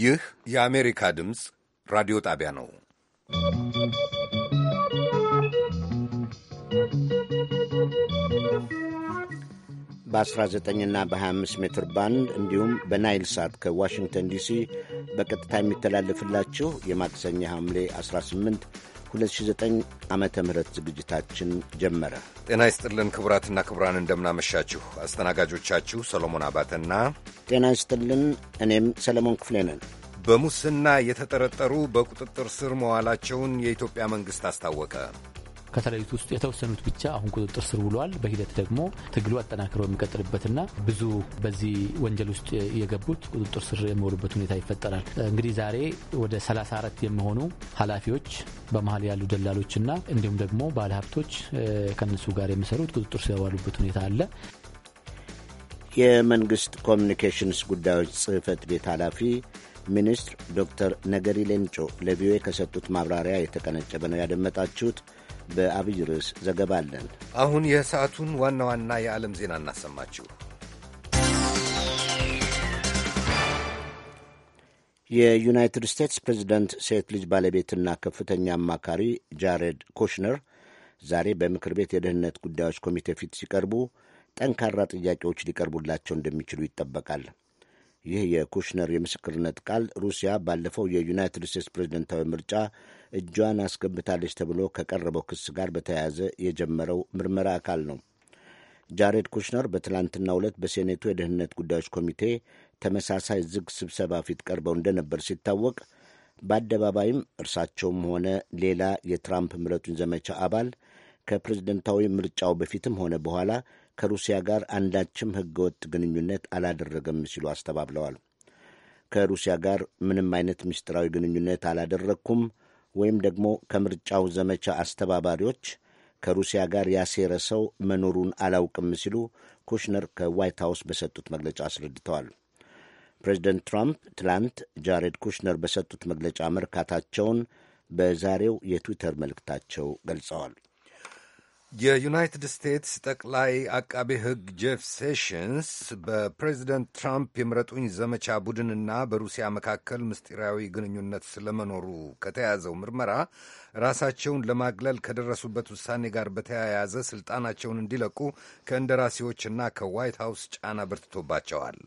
ይህ የአሜሪካ ድምፅ ራዲዮ ጣቢያ ነው። በ19 እና በ25 ሜትር ባንድ እንዲሁም በናይል ሳት ከዋሽንግተን ዲሲ በቀጥታ የሚተላለፍላችሁ የማክሰኛ ሐምሌ 18 2009 ዓ ም ዝግጅታችን ጀመረ። ጤና ይስጥልን ክቡራትና ክቡራን፣ እንደምናመሻችሁ። አስተናጋጆቻችሁ ሰሎሞን አባተና ጤና ይስጥልን፣ እኔም ሰለሞን ክፍሌ ነን። በሙስና የተጠረጠሩ በቁጥጥር ስር መዋላቸውን የኢትዮጵያ መንግሥት አስታወቀ። ከተለያዩት ውስጥ የተወሰኑት ብቻ አሁን ቁጥጥር ስር ውለዋል። በሂደት ደግሞ ትግሉ አጠናክረው የሚቀጥልበትና ብዙ በዚህ ወንጀል ውስጥ የገቡት ቁጥጥር ስር የሚወሉበት ሁኔታ ይፈጠራል። እንግዲህ ዛሬ ወደ 34 የሚሆኑ ኃላፊዎች በመሀል ያሉ ደላሎችና እንዲሁም ደግሞ ባለሀብቶች ከነሱ ጋር የሚሰሩት ቁጥጥር ስር የዋሉበት ሁኔታ አለ። የመንግስት ኮሚኒኬሽንስ ጉዳዮች ጽህፈት ቤት ኃላፊ ሚኒስትር ዶክተር ነገሪ ሌንጮ ለቪኦኤ ከሰጡት ማብራሪያ የተቀነጨበ ነው ያደመጣችሁት። በአብይ ርዕስ ዘገባ አለን። አሁን የሰዓቱን ዋና ዋና የዓለም ዜና እናሰማችሁ። የዩናይትድ ስቴትስ ፕሬዚደንት ሴት ልጅ ባለቤትና ከፍተኛ አማካሪ ጃሬድ ኩሽነር ዛሬ በምክር ቤት የደህንነት ጉዳዮች ኮሚቴ ፊት ሲቀርቡ ጠንካራ ጥያቄዎች ሊቀርቡላቸው እንደሚችሉ ይጠበቃል። ይህ የኩሽነር የምስክርነት ቃል ሩሲያ ባለፈው የዩናይትድ ስቴትስ ፕሬዝደንታዊ ምርጫ እጇን አስገብታለች ተብሎ ከቀረበው ክስ ጋር በተያያዘ የጀመረው ምርመራ አካል ነው። ጃሬድ ኩሽነር በትላንትናው ዕለት በሴኔቱ የደህንነት ጉዳዮች ኮሚቴ ተመሳሳይ ዝግ ስብሰባ ፊት ቀርበው እንደነበር ሲታወቅ፣ በአደባባይም እርሳቸውም ሆነ ሌላ የትራምፕ ምረጡኝ ዘመቻ አባል ከፕሬዝደንታዊ ምርጫው በፊትም ሆነ በኋላ ከሩሲያ ጋር አንዳችም ህገወጥ ግንኙነት አላደረገም ሲሉ አስተባብለዋል። ከሩሲያ ጋር ምንም አይነት ምስጢራዊ ግንኙነት አላደረግኩም፣ ወይም ደግሞ ከምርጫው ዘመቻ አስተባባሪዎች ከሩሲያ ጋር ያሴረ ሰው መኖሩን አላውቅም ሲሉ ኩሽነር ከዋይት ሀውስ በሰጡት መግለጫ አስረድተዋል። ፕሬዚደንት ትራምፕ ትላንት ጃሬድ ኩሽነር በሰጡት መግለጫ መርካታቸውን በዛሬው የትዊተር መልእክታቸው ገልጸዋል። የዩናይትድ ስቴትስ ጠቅላይ አቃቤ ሕግ ጄፍ ሴሽንስ በፕሬዚደንት ትራምፕ የምረጡኝ ዘመቻ ቡድንና በሩሲያ መካከል ምስጢራዊ ግንኙነት ስለመኖሩ ከተያዘው ምርመራ ራሳቸውን ለማግለል ከደረሱበት ውሳኔ ጋር በተያያዘ ስልጣናቸውን እንዲለቁ ከእንደራሴዎችና ከዋይት ሀውስ ጫና በርትቶባቸዋል።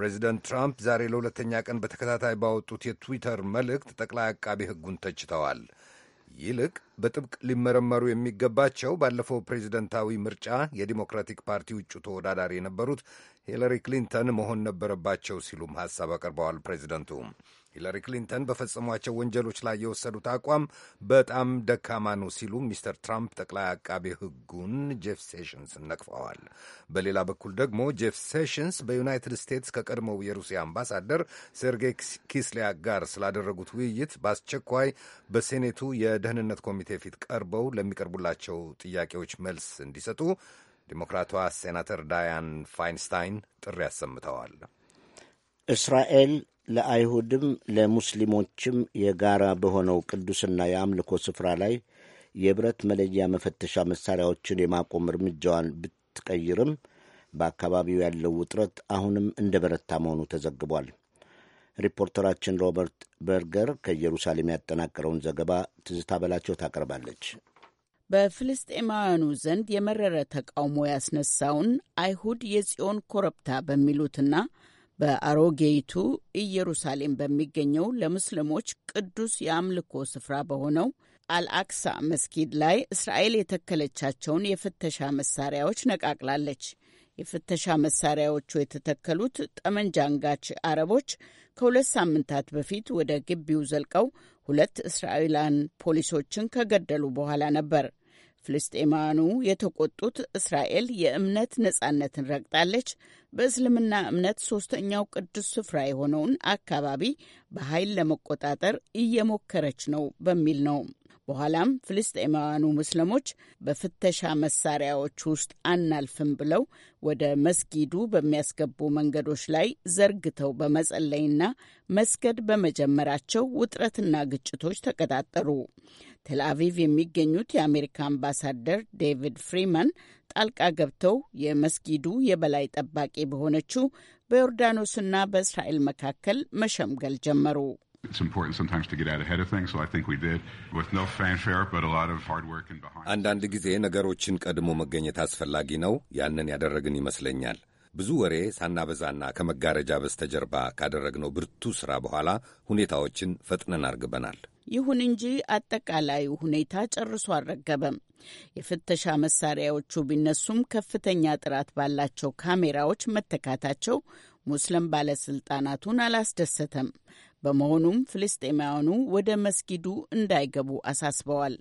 ፕሬዚደንት ትራምፕ ዛሬ ለሁለተኛ ቀን በተከታታይ ባወጡት የትዊተር መልእክት ጠቅላይ አቃቤ ሕጉን ተችተዋል። ይልቅ በጥብቅ ሊመረመሩ የሚገባቸው ባለፈው ፕሬዚደንታዊ ምርጫ የዲሞክራቲክ ፓርቲ ውጩ ተወዳዳሪ የነበሩት ሂለሪ ክሊንተን መሆን ነበረባቸው ሲሉም ሐሳብ አቅርበዋል ፕሬዚደንቱ። ሂላሪ ክሊንተን በፈጸሟቸው ወንጀሎች ላይ የወሰዱት አቋም በጣም ደካማ ነው ሲሉ ሚስተር ትራምፕ ጠቅላይ አቃቤ ሕጉን ጄፍ ሴሽንስን ነቅፈዋል። በሌላ በኩል ደግሞ ጄፍ ሴሽንስ በዩናይትድ ስቴትስ ከቀድሞው የሩሲያ አምባሳደር ሴርጌይ ኪስሊያክ ጋር ስላደረጉት ውይይት በአስቸኳይ በሴኔቱ የደህንነት ኮሚቴ ፊት ቀርበው ለሚቀርቡላቸው ጥያቄዎች መልስ እንዲሰጡ ዲሞክራቷ ሴናተር ዳያን ፋይንስታይን ጥሪ አሰምተዋል። እስራኤል ለአይሁድም ለሙስሊሞችም የጋራ በሆነው ቅዱስና የአምልኮ ስፍራ ላይ የብረት መለያ መፈተሻ መሳሪያዎችን የማቆም እርምጃዋን ብትቀይርም በአካባቢው ያለው ውጥረት አሁንም እንደ በረታ መሆኑ ተዘግቧል። ሪፖርተራችን ሮበርት በርገር ከኢየሩሳሌም ያጠናቀረውን ዘገባ ትዝታ በላቸው ታቀርባለች። በፍልስጤማውያኑ ዘንድ የመረረ ተቃውሞ ያስነሳውን አይሁድ የጽዮን ኮረብታ በሚሉትና በአሮጌይቱ ኢየሩሳሌም በሚገኘው ለሙስሊሞች ቅዱስ የአምልኮ ስፍራ በሆነው አልአክሳ መስጊድ ላይ እስራኤል የተከለቻቸውን የፍተሻ መሳሪያዎች ነቃቅላለች። የፍተሻ መሳሪያዎቹ የተተከሉት ጠመንጃ አንጋች አረቦች ከሁለት ሳምንታት በፊት ወደ ግቢው ዘልቀው ሁለት እስራኤላን ፖሊሶችን ከገደሉ በኋላ ነበር። ፍልስጤማኑ የተቆጡት እስራኤል የእምነት ነጻነትን ረግጣለች፣ በእስልምና እምነት ሶስተኛው ቅዱስ ስፍራ የሆነውን አካባቢ በኃይል ለመቆጣጠር እየሞከረች ነው በሚል ነው። በኋላም ፍልስጤማውያኑ ሙስሊሞች በፍተሻ መሳሪያዎች ውስጥ አናልፍም ብለው ወደ መስጊዱ በሚያስገቡ መንገዶች ላይ ዘርግተው በመጸለይና መስገድ በመጀመራቸው ውጥረትና ግጭቶች ተቀጣጠሩ። ቴልአቪቭ የሚገኙት የአሜሪካ አምባሳደር ዴቪድ ፍሪማን ጣልቃ ገብተው የመስጊዱ የበላይ ጠባቂ በሆነችው በዮርዳኖስና በእስራኤል መካከል መሸምገል ጀመሩ። አንዳንድ ጊዜ ነገሮችን ቀድሞ መገኘት አስፈላጊ ነው። ያንን ያደረግን ይመስለኛል። ብዙ ወሬ ሳናበዛና ከመጋረጃ በስተጀርባ ካደረግነው ብርቱ ስራ በኋላ ሁኔታዎችን ፈጥነን አርግበናል። ይሁን እንጂ አጠቃላዩ ሁኔታ ጨርሶ አልረገበም። የፍተሻ መሳሪያዎቹ ቢነሱም ከፍተኛ ጥራት ባላቸው ካሜራዎች መተካታቸው ሙስሊም ባለስልጣናቱን አላስደሰተም። በመሆኑም ፍልስጤማውያኑ ወደ መስጊዱ እንዳይገቡ አሳስበዋል።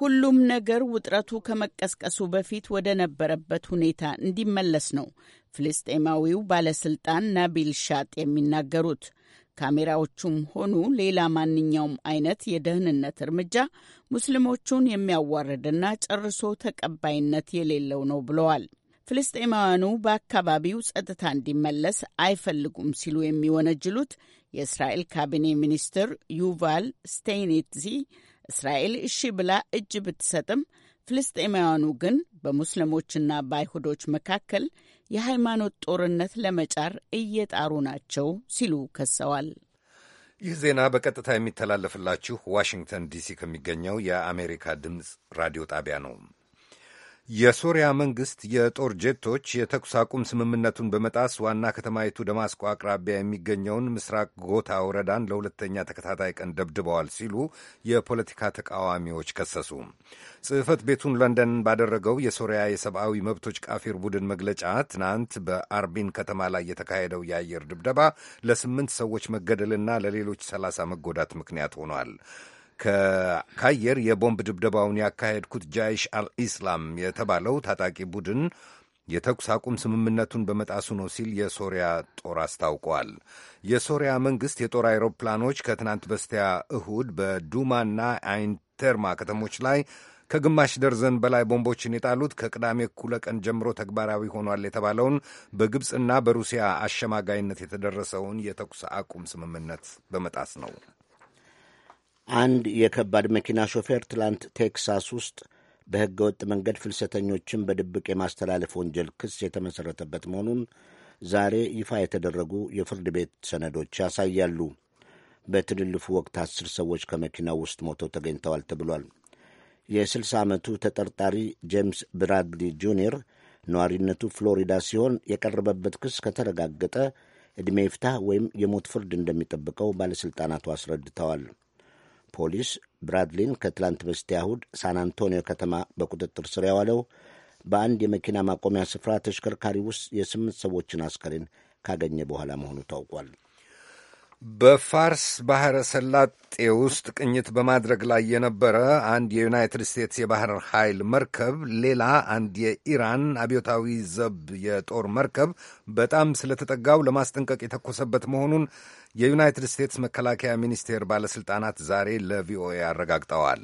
ሁሉም ነገር ውጥረቱ ከመቀስቀሱ በፊት ወደ ነበረበት ሁኔታ እንዲመለስ ነው ፍልስጤማዊው ባለስልጣን ናቢል ሻጥ የሚናገሩት። ካሜራዎቹም ሆኑ ሌላ ማንኛውም አይነት የደህንነት እርምጃ ሙስሊሞቹን የሚያዋርድና ጨርሶ ተቀባይነት የሌለው ነው ብለዋል። ፍልስጤማውያኑ በአካባቢው ጸጥታ እንዲመለስ አይፈልጉም ሲሉ የሚወነጅሉት የእስራኤል ካቢኔ ሚኒስትር ዩቫል ስቴይኔትዚ እስራኤል እሺ ብላ እጅ ብትሰጥም ፍልስጤማውያኑ ግን በሙስሊሞችና በአይሁዶች መካከል የሃይማኖት ጦርነት ለመጫር እየጣሩ ናቸው ሲሉ ከሰዋል። ይህ ዜና በቀጥታ የሚተላለፍላችሁ ዋሽንግተን ዲሲ ከሚገኘው የአሜሪካ ድምፅ ራዲዮ ጣቢያ ነው። የሶሪያ መንግሥት የጦር ጄቶች የተኩስ አቁም ስምምነቱን በመጣስ ዋና ከተማይቱ ደማስቆ አቅራቢያ የሚገኘውን ምስራቅ ጎታ ወረዳን ለሁለተኛ ተከታታይ ቀን ደብድበዋል ሲሉ የፖለቲካ ተቃዋሚዎች ከሰሱ። ጽሕፈት ቤቱን ለንደን ባደረገው የሶሪያ የሰብአዊ መብቶች ቃፊር ቡድን መግለጫ ትናንት በአርቢን ከተማ ላይ የተካሄደው የአየር ድብደባ ለስምንት ሰዎች መገደልና ለሌሎች ሰላሳ መጎዳት ምክንያት ሆኗል። ከካየር የቦምብ ድብደባውን ያካሄድኩት ጃይሽ አልኢስላም የተባለው ታጣቂ ቡድን የተኩስ አቁም ስምምነቱን በመጣሱ ነው ሲል የሶሪያ ጦር አስታውቋል። የሶሪያ መንግሥት የጦር አይሮፕላኖች ከትናንት በስቲያ እሁድ በዱማና አይንተርማ ከተሞች ላይ ከግማሽ ደርዘን በላይ ቦምቦችን የጣሉት ከቅዳሜ እኩለ ቀን ጀምሮ ተግባራዊ ሆኗል የተባለውን በግብፅና በሩሲያ አሸማጋይነት የተደረሰውን የተኩስ አቁም ስምምነት በመጣስ ነው። አንድ የከባድ መኪና ሾፌር ትላንት ቴክሳስ ውስጥ በሕገ ወጥ መንገድ ፍልሰተኞችን በድብቅ የማስተላለፍ ወንጀል ክስ የተመሠረተበት መሆኑን ዛሬ ይፋ የተደረጉ የፍርድ ቤት ሰነዶች ያሳያሉ። በትልልፉ ወቅት አስር ሰዎች ከመኪናው ውስጥ ሞተው ተገኝተዋል ተብሏል። የ60 ዓመቱ ተጠርጣሪ ጄምስ ብራድሊ ጁኒየር ነዋሪነቱ ፍሎሪዳ ሲሆን የቀረበበት ክስ ከተረጋገጠ ዕድሜ ይፍታህ ወይም የሞት ፍርድ እንደሚጠብቀው ባለሥልጣናቱ አስረድተዋል። ፖሊስ ብራድሊን ከትላንት በስቲያ እሁድ ሳን አንቶኒዮ ከተማ በቁጥጥር ስር ያዋለው በአንድ የመኪና ማቆሚያ ስፍራ ተሽከርካሪ ውስጥ የስምንት ሰዎችን አስከሬን ካገኘ በኋላ መሆኑ ታውቋል። በፋርስ ባሕረ ሰላጤ ውስጥ ቅኝት በማድረግ ላይ የነበረ አንድ የዩናይትድ ስቴትስ የባህር ኃይል መርከብ ሌላ አንድ የኢራን አብዮታዊ ዘብ የጦር መርከብ በጣም ስለተጠጋው ለማስጠንቀቅ የተኮሰበት መሆኑን የዩናይትድ ስቴትስ መከላከያ ሚኒስቴር ባለሥልጣናት ዛሬ ለቪኦኤ አረጋግጠዋል።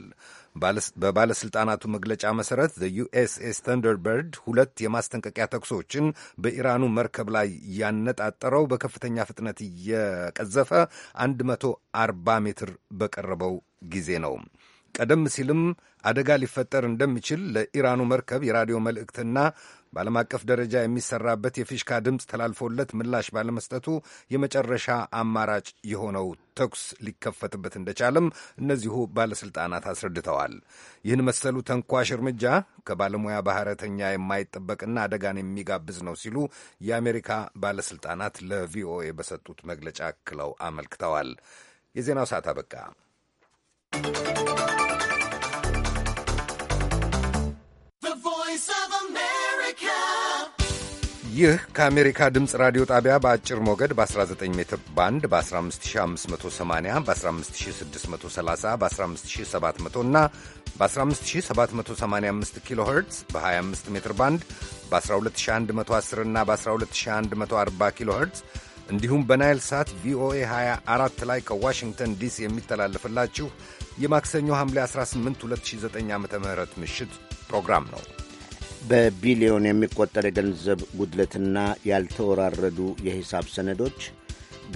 በባለሥልጣናቱ መግለጫ መሠረት ዩኤስኤስ ተንደርበርድ ሁለት የማስጠንቀቂያ ተኩሶችን በኢራኑ መርከብ ላይ ያነጣጠረው በከፍተኛ ፍጥነት እየቀዘፈ 140 ሜትር በቀረበው ጊዜ ነው። ቀደም ሲልም አደጋ ሊፈጠር እንደሚችል ለኢራኑ መርከብ የራዲዮ መልእክትና በዓለም አቀፍ ደረጃ የሚሰራበት የፊሽካ ድምፅ ተላልፎለት ምላሽ ባለመስጠቱ የመጨረሻ አማራጭ የሆነው ተኩስ ሊከፈትበት እንደቻለም እነዚሁ ባለሥልጣናት አስረድተዋል። ይህን መሰሉ ተንኳሽ እርምጃ ከባለሙያ ባህረተኛ የማይጠበቅና አደጋን የሚጋብዝ ነው ሲሉ የአሜሪካ ባለሥልጣናት ለቪኦኤ በሰጡት መግለጫ አክለው አመልክተዋል። የዜናው ሰዓት አበቃ። ይህ ከአሜሪካ ድምፅ ራዲዮ ጣቢያ በአጭር ሞገድ በ19 ሜትር ባንድ በ15580 በ15630 በ15700 እና በ15785 ኪሎ ኸርትዝ በ25 ሜትር ባንድ በ12110 እና በ12140 ኪሎ ኸርትዝ እንዲሁም በናይል ሳት ቪኦኤ 24 ላይ ከዋሽንግተን ዲሲ የሚተላለፍላችሁ የማክሰኞ ሐምሌ 18 2009 ዓ ም ምሽት ፕሮግራም ነው። በቢሊዮን የሚቆጠር የገንዘብ ጉድለትና ያልተወራረዱ የሂሳብ ሰነዶች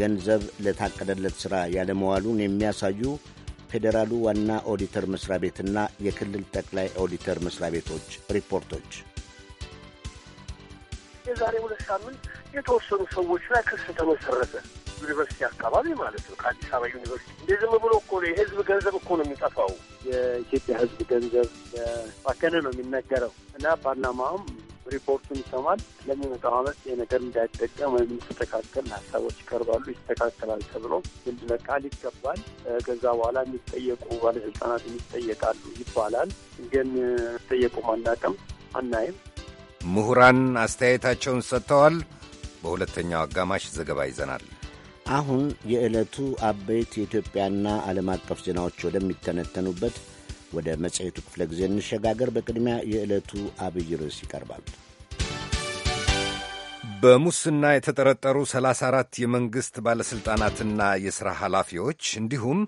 ገንዘብ ለታቀደለት ሥራ ያለመዋሉን የሚያሳዩ ፌዴራሉ ዋና ኦዲተር መሥሪያ ቤትና የክልል ጠቅላይ ኦዲተር መሥሪያ ቤቶች ሪፖርቶች የዛሬ ሁለት ሳምንት የተወሰኑ ሰዎች ላይ ክስ ተመሰረተ። ዩኒቨርሲቲ አካባቢ ማለት ነው። ከአዲስ አበባ ዩኒቨርሲቲ እንደ ዝም ብሎ እኮ የህዝብ ገንዘብ እኮ ነው የሚጠፋው። የኢትዮጵያ ህዝብ ገንዘብ ባከነ ነው የሚነገረው እና ፓርላማውም ሪፖርቱን ይሰማል። ለሚመጣው አመት የነገር እንዳይጠቀም ወይም እንዲስተካከል ሀሳቦች ይቀርባሉ። ይስተካከላል ተብሎ ምንድን ቃል ይገባል። ከዛ በኋላ የሚጠየቁ ባለስልጣናት ይጠየቃሉ ይባላል። ግን ጠየቁም አናቅም አናይም። ምሁራን አስተያየታቸውን ሰጥተዋል። በሁለተኛው አጋማሽ ዘገባ ይዘናል። አሁን የዕለቱ አበይት የኢትዮጵያና ዓለም አቀፍ ዜናዎች ወደሚተነተኑበት ወደ መጽሔቱ ክፍለ ጊዜ እንሸጋገር። በቅድሚያ የዕለቱ አብይ ርዕስ ይቀርባል። በሙስና የተጠረጠሩ 34 የመንግሥት ባለሥልጣናትና የሥራ ኃላፊዎች እንዲሁም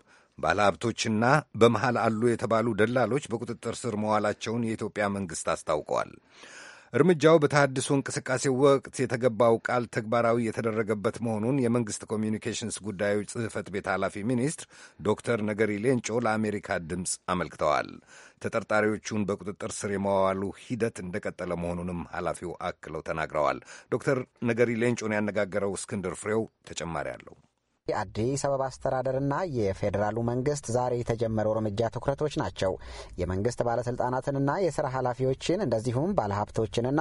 ባለሀብቶችና በመሃል አሉ የተባሉ ደላሎች በቁጥጥር ስር መዋላቸውን የኢትዮጵያ መንግሥት አስታውቀዋል። እርምጃው በተሃድሶ እንቅስቃሴ ወቅት የተገባው ቃል ተግባራዊ የተደረገበት መሆኑን የመንግስት ኮሚዩኒኬሽንስ ጉዳዮች ጽሕፈት ቤት ኃላፊ ሚኒስትር ዶክተር ነገሪ ሌንጮ ለአሜሪካ ድምፅ አመልክተዋል። ተጠርጣሪዎቹን በቁጥጥር ስር የማዋሉ ሂደት እንደቀጠለ መሆኑንም ኃላፊው አክለው ተናግረዋል። ዶክተር ነገሪ ሌንጮን ያነጋገረው እስክንድር ፍሬው ተጨማሪ አለው። የአዲስ አበባ አስተዳደርና የፌዴራሉ መንግስት ዛሬ የተጀመረው እርምጃ ትኩረቶች ናቸው። የመንግስት ባለስልጣናትንና የስራ ኃላፊዎችን እንደዚሁም ባለሀብቶችንና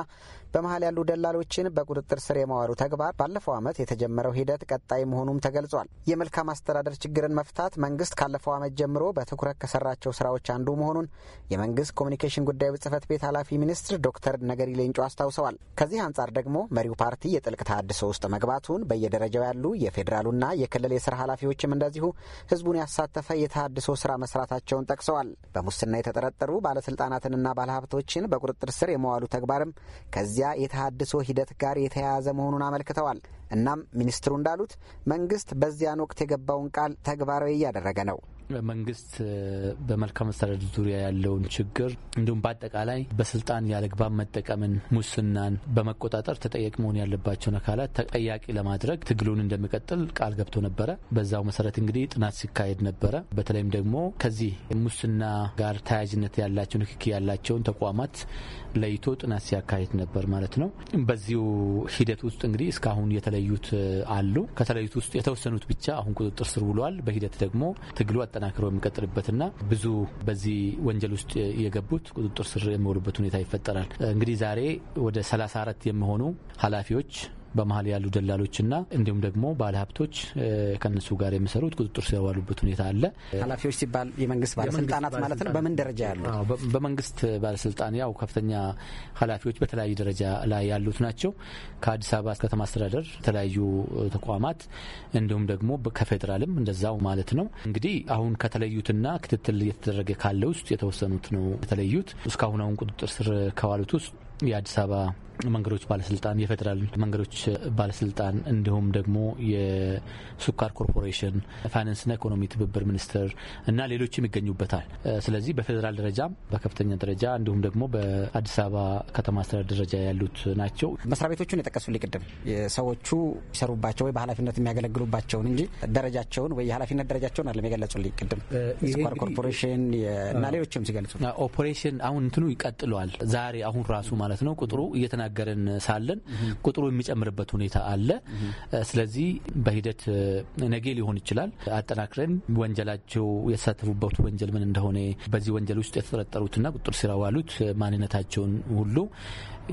በመሀል ያሉ ደላሎችን በቁጥጥር ስር የማዋሉ ተግባር ባለፈው ዓመት የተጀመረው ሂደት ቀጣይ መሆኑም ተገልጿል። የመልካም አስተዳደር ችግርን መፍታት መንግስት ካለፈው ዓመት ጀምሮ በትኩረት ከሰራቸው ስራዎች አንዱ መሆኑን የመንግስት ኮሚኒኬሽን ጉዳዩ ጽህፈት ቤት ኃላፊ ሚኒስትር ዶክተር ነገሪ ሌንጮ አስታውሰዋል። ከዚህ አንጻር ደግሞ መሪው ፓርቲ የጥልቅ ተሃድሶ ውስጥ መግባቱን በየደረጃው ያሉ የፌዴራሉና የክ የክልል የስራ ኃላፊዎችም እንደዚሁ ህዝቡን ያሳተፈ የተሃድሶ ስራ መስራታቸውን ጠቅሰዋል። በሙስና የተጠረጠሩ ባለስልጣናትንና ባለሀብቶችን በቁጥጥር ስር የመዋሉ ተግባርም ከዚያ የተሃድሶ ሂደት ጋር የተያያዘ መሆኑን አመልክተዋል። እናም ሚኒስትሩ እንዳሉት መንግስት በዚያን ወቅት የገባውን ቃል ተግባራዊ እያደረገ ነው። መንግስት በመልካም መሰረድ ዙሪያ ያለውን ችግር እንዲሁም በአጠቃላይ በስልጣን ያለግባብ መጠቀምን፣ ሙስናን በመቆጣጠር ተጠያቂ መሆን ያለባቸውን አካላት ተጠያቂ ለማድረግ ትግሉን እንደሚቀጥል ቃል ገብቶ ነበረ። በዛው መሰረት እንግዲህ ጥናት ሲካሄድ ነበረ። በተለይም ደግሞ ከዚህ ሙስና ጋር ተያያዥነት ያላቸው ንክኪ ያላቸውን ተቋማት ለይቶ ጥናት ሲያካሄድ ነበር ማለት ነው። በዚሁ ሂደት ውስጥ እንግዲህ እስካሁን የተለዩት አሉ። ከተለዩት ውስጥ የተወሰኑት ብቻ አሁን ቁጥጥር ስር ውለዋል። በሂደት ደግሞ ትግሉ ተጠናክረው የሚቀጥልበትና ብዙ በዚህ ወንጀል ውስጥ የገቡት ቁጥጥር ስር የሚውሉበት ሁኔታ ይፈጠራል። እንግዲህ ዛሬ ወደ 34 የሚሆኑ ኃላፊዎች በመሀል ያሉ ደላሎችና እንዲሁም ደግሞ ባለሀብቶች ከነሱ ጋር የሚሰሩት ቁጥጥር ስር የዋሉበት ሁኔታ አለ። ኃላፊዎች ሲባል የመንግስት ባለስልጣናት ማለት ነው። በምን ደረጃ ያሉ? በመንግስት ባለስልጣን ያው ከፍተኛ ኃላፊዎች በተለያዩ ደረጃ ላይ ያሉት ናቸው። ከአዲስ አበባ ከተማ አስተዳደር የተለያዩ ተቋማት እንዲሁም ደግሞ ከፌዴራልም እንደዛው ማለት ነው። እንግዲህ አሁን ከተለዩትና ክትትል እየተደረገ ካለ ውስጥ የተወሰኑት ነው የተለዩት። እስካሁን አሁን ቁጥጥር ስር ከዋሉት ውስጥ የአዲስ አበባ መንገዶች ባለስልጣን፣ የፌዴራል መንገዶች ባለስልጣን እንዲሁም ደግሞ የሱካር ኮርፖሬሽን ፋይናንስና ኢኮኖሚ ትብብር ሚኒስትር እና ሌሎችም ይገኙበታል። ስለዚህ በፌዴራል ደረጃ በከፍተኛ ደረጃ እንዲሁም ደግሞ በአዲስ አበባ ከተማ አስተዳደር ደረጃ ያሉት ናቸው። መስሪያ ቤቶቹን የጠቀሱ ሊቅድም ሰዎቹ ይሰሩባቸው ወይ በኃላፊነት የሚያገለግሉባቸውን እንጂ ደረጃቸውን ወይ የኃላፊነት ደረጃቸውን አለም የገለጹ ሊቅድም የሱካር ኮርፖሬሽን እና ሌሎችም ሲገልጹ ኦፕሬሽን አሁን እንትኑ ይቀጥለዋል። ዛሬ አሁን ራሱ ማ ማለት ነው። ቁጥሩ እየተናገረን ሳለን ቁጥሩ የሚጨምርበት ሁኔታ አለ። ስለዚህ በሂደት ነገ ሊሆን ይችላል አጠናክረን ወንጀላቸው የተሳተፉበት ወንጀል ምን እንደሆነ በዚህ ወንጀል ውስጥ የተጠረጠሩትና ቁጥር ስር ማንነታቸውን ሁሉ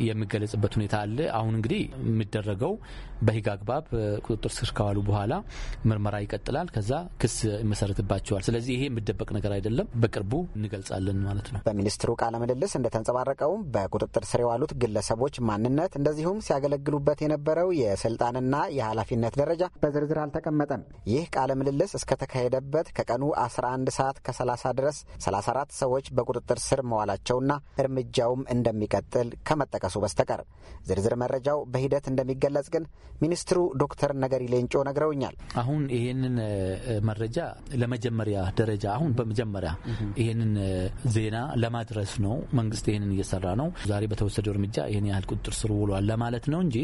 የሚገለጽበት ሁኔታ አለ። አሁን እንግዲህ የሚደረገው በህግ አግባብ ቁጥጥር ስር ከዋሉ በኋላ ምርመራ ይቀጥላል። ከዛ ክስ ይመሰረትባቸዋል። ስለዚህ ይሄ የሚደበቅ ነገር አይደለም። በቅርቡ እንገልጻለን ማለት ነው። በሚኒስትሩ ቃለ ምልልስ እንደተንጸባረቀውም በቁጥጥር ስር የዋሉት ግለሰቦች ማንነት፣ እንደዚሁም ሲያገለግሉበት የነበረው የስልጣንና የኃላፊነት ደረጃ በዝርዝር አልተቀመጠም። ይህ ቃለ ምልልስ እስከተካሄደበት ከቀኑ 11 ሰዓት ከ30 ድረስ 34 ሰዎች በቁጥጥር ስር መዋላቸውና እርምጃውም እንደሚቀጥል ከመጠቀ ከመጠቀሱ በስተቀር ዝርዝር መረጃው በሂደት እንደሚገለጽ ግን ሚኒስትሩ ዶክተር ነገሪ ሌንጮ ነግረውኛል። አሁን ይህንን መረጃ ለመጀመሪያ ደረጃ አሁን በመጀመሪያ ይህንን ዜና ለማድረስ ነው። መንግስት ይህንን እየሰራ ነው። ዛሬ በተወሰደው እርምጃ ይህን ያህል ቁጥጥር ስር ውሏል ለማለት ነው እንጂ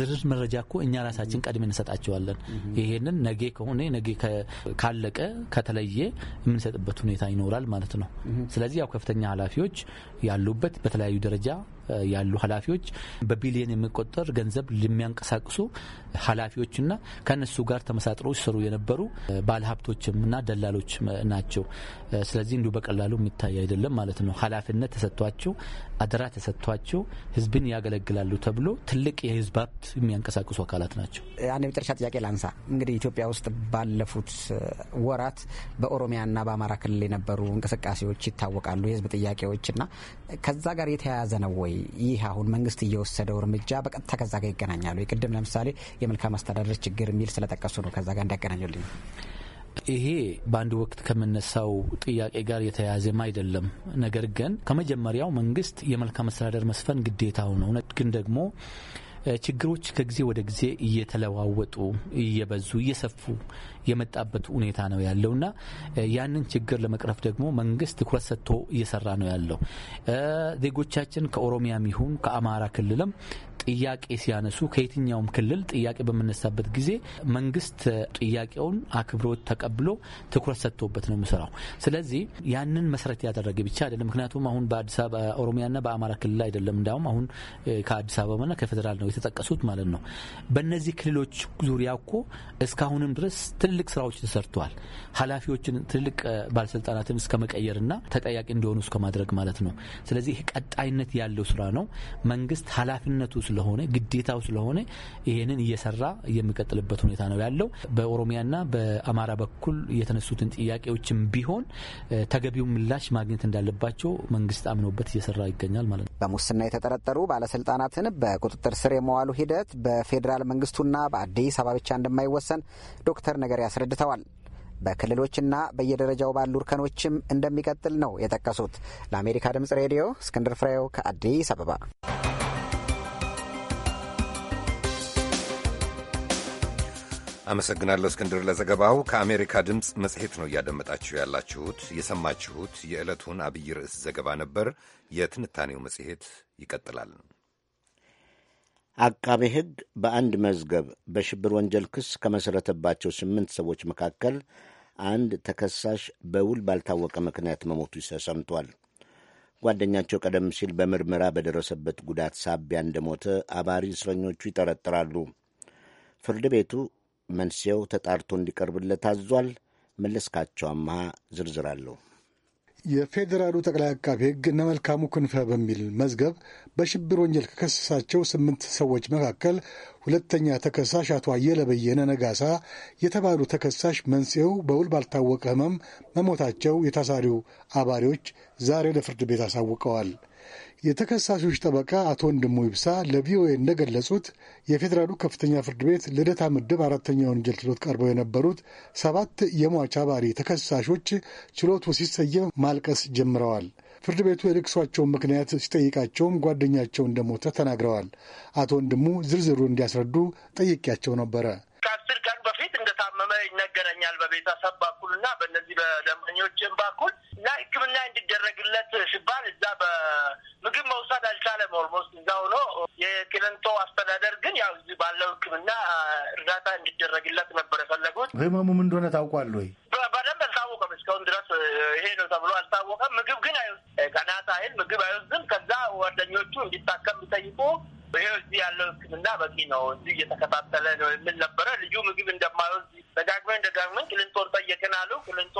ዝርዝር መረጃ እኮ እኛ ራሳችን ቀድሜ እንሰጣቸዋለን። ይህንን ነጌ ከሆነ ነጌ ካለቀ ከተለየ የምንሰጥበት ሁኔታ ይኖራል ማለት ነው። ስለዚህ ያው ከፍተኛ ኃላፊዎች ያሉበት በተለያዩ ደረጃ ያሉ ኃላፊዎች በቢሊየን የሚቆጠር ገንዘብ የሚያንቀሳቅሱ ኃላፊዎችና ከእነሱ ጋር ተመሳጥሮ ሲሰሩ የነበሩ ባለሀብቶችምና ደላሎች ናቸው። ስለዚህ እንዲሁ በቀላሉ የሚታይ አይደለም ማለት ነው። ኃላፊነት ተሰጥቷቸው አደራ ተሰጥቷቸው ህዝብን ያገለግላሉ ተብሎ ትልቅ የህዝብ ሀብት የሚያንቀሳቅሱ አካላት ናቸው። አንድ የመጨረሻ ጥያቄ ላንሳ። እንግዲህ ኢትዮጵያ ውስጥ ባለፉት ወራት በኦሮሚያና በአማራ ክልል የነበሩ እንቅስቃሴዎች ይታወቃሉ። የሕዝብ ጥያቄዎችና ከዛ ጋር የተያያዘ ነው ወይ ይህ አሁን መንግስት እየወሰደው እርምጃ በቀጥታ ከዛ ጋር ይገናኛሉ? የቅድም ለምሳሌ የመልካም አስተዳደር ችግር የሚል ስለጠቀሱ ነው ከዛ ጋር እንዲያገናኙልኝ። ይሄ በአንድ ወቅት ከምነሳው ጥያቄ ጋር የተያያዘም አይደለም። ነገር ግን ከመጀመሪያው መንግስት የመልካም አስተዳደር መስፈን ግዴታው ነው። ግን ደግሞ ችግሮች ከጊዜ ወደ ጊዜ እየተለዋወጡ እየበዙ እየሰፉ የመጣበት ሁኔታ ነው ያለውና ያንን ችግር ለመቅረፍ ደግሞ መንግስት ትኩረት ሰጥቶ እየሰራ ነው ያለው። ዜጎቻችን ከኦሮሚያም ይሁን ከአማራ ክልልም ጥያቄ ሲያነሱ ከየትኛውም ክልል ጥያቄ በምነሳበት ጊዜ መንግስት ጥያቄውን አክብሮት ተቀብሎ ትኩረት ሰጥቶበት ነው የምሰራው። ስለዚህ ያንን መሰረት ያደረገ ብቻ አይደለም። ምክንያቱም አሁን በአዲስ አበባ ኦሮሚያና በአማራ ክልል አይደለም፣ እንዲሁም አሁን ከአዲስ አበባና ከፌዴራል ነው የተጠቀሱት ማለት ነው። በእነዚህ ክልሎች ዙሪያ እኮ እስካሁንም ድረስ ትልልቅ ስራዎች ተሰርተዋል። ኃላፊዎችን ትልልቅ ባለስልጣናትን እስከ መቀየርና ተጠያቂ እንደሆኑ እስከ ማድረግ ማለት ነው። ስለዚህ ቀጣይነት ያለው ስራ ነው። መንግስት ኃላፊነቱ ስለሆነ ግዴታው ስለሆነ ይህንን እየሰራ የሚቀጥልበት ሁኔታ ነው ያለው። በኦሮሚያና በአማራ በኩል የተነሱትን ጥያቄዎችም ቢሆን ተገቢው ምላሽ ማግኘት እንዳለባቸው መንግስት አምኖበት እየሰራ ይገኛል ማለት ነው። በሙስና የተጠረጠሩ ባለስልጣናትን በቁጥጥር ስር የመዋሉ ሂደት በፌዴራል መንግስቱና በአዲስ አበባ ብቻ እንደማይወሰን ዶክተር ነገር አስረድተዋል። በክልሎችና በየደረጃው ባሉ እርከኖችም እንደሚቀጥል ነው የጠቀሱት። ለአሜሪካ ድምጽ ሬዲዮ እስክንድር ፍሬው ከአዲስ አበባ። አመሰግናለሁ እስክንድር ለዘገባው። ከአሜሪካ ድምፅ መጽሔት ነው እያደመጣችሁ ያላችሁት። የሰማችሁት የዕለቱን አብይ ርዕስ ዘገባ ነበር። የትንታኔው መጽሔት ይቀጥላል። አቃቤ ሕግ በአንድ መዝገብ በሽብር ወንጀል ክስ ከመሠረተባቸው ስምንት ሰዎች መካከል አንድ ተከሳሽ በውል ባልታወቀ ምክንያት መሞቱ ተሰምቷል። ጓደኛቸው ቀደም ሲል በምርመራ በደረሰበት ጉዳት ሳቢያ እንደሞተ አባሪ እስረኞቹ ይጠረጥራሉ። ፍርድ ቤቱ መንስኤው ተጣርቶ እንዲቀርብለት አዟል። መለስካቸው አመሃ ዝርዝር አለው የፌዴራሉ ጠቅላይ አቃቢ ሕግ እነ መልካሙ ክንፈ በሚል መዝገብ በሽብር ወንጀል ከከሰሳቸው ስምንት ሰዎች መካከል ሁለተኛ ተከሳሽ አቶ አየለ በየነ ነጋሳ የተባሉ ተከሳሽ መንስኤው በውል ባልታወቀ ህመም መሞታቸው የታሳሪው አባሪዎች ዛሬ ለፍርድ ቤት አሳውቀዋል። የተከሳሾች ጠበቃ አቶ ወንድሙ ይብሳ ለቪኦኤ እንደገለጹት የፌዴራሉ ከፍተኛ ፍርድ ቤት ልደታ ምድብ አራተኛ ወንጀል ችሎት ቀርበው የነበሩት ሰባት የሟች አባሪ ተከሳሾች ችሎቱ ሲሰየም ማልቀስ ጀምረዋል። ፍርድ ቤቱ የልቅሷቸውን ምክንያት ሲጠይቃቸውም ጓደኛቸው እንደሞተ ተናግረዋል። አቶ ወንድሙ ዝርዝሩ እንዲያስረዱ ጠይቄያቸው ነበረ። ከአስር ቀን እንዳመመ ይነገረኛል በቤተሰብ በኩል እና በእነዚህ በደንበኞችም በኩል እና ሕክምና እንዲደረግለት ሲባል እዛ በምግብ መውሰድ አልቻለም። ኦልሞስት እዛ ሆኖ የቅልንጦ አስተዳደር ግን ያው እዚህ ባለው ሕክምና እርዳታ እንዲደረግለት ነበር የፈለጉት። ህመሙም እንደሆነ ታውቋል ወይ? በደንብ አልታወቀም። እስካሁን ድረስ ይሄ ነው ተብሎ አልታወቀም። ምግብ ግን ቀናት አይል ምግብ አይወስድም። ከዛ ወደኞቹ እንዲታከም ቢጠይቁ ይሄ እዚህ ያለው ሕክምና በቂ ነው፣ እዚህ እየተከታተለ ነው የምል ነበረ። ልዩ ምግብ እንደማይወስድ ደጋግመን ደጋግመን ቅልንጦን ጠየቅን አሉ። ቅልንጦ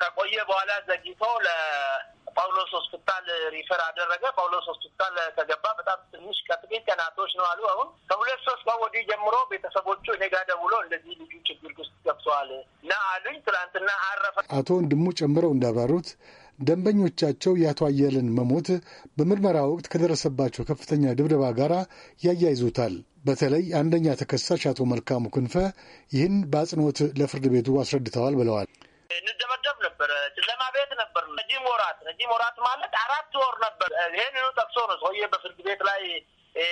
ከቆየ በኋላ ዘግይቶ ለጳውሎስ ሆስፒታል ሪፈር አደረገ። ጳውሎስ ሆስፒታል ከገባ በጣም ትንሽ ከጥቂት ቀናቶች ነው አሉ። አሁን ከሁለት ሶስት ቀን ወዲህ ጀምሮ ቤተሰቦቹ እኔ ጋ ደውሎ እንደዚህ ልጁ ችግር ውስጥ ገብተዋል እና አሉኝ። ትላንትና አረፈ። አቶ ወንድሙ ጨምረው እንዳብራሩት ደንበኞቻቸው የአቶ አየልን መሞት በምርመራ ወቅት ከደረሰባቸው ከፍተኛ ድብደባ ጋር ያያይዙታል። በተለይ አንደኛ ተከሳሽ አቶ መልካሙ ክንፈ ይህን በአጽንኦት ለፍርድ ቤቱ አስረድተዋል ብለዋል። እንደመደብ ነበረ። ጨለማ ቤት ነበር። ረጅም ወራት ረጅም ወራት ማለት አራት ወር ነበር። ይህንኑ ጠቅሶ ነው ሰውዬ በፍርድ ቤት ላይ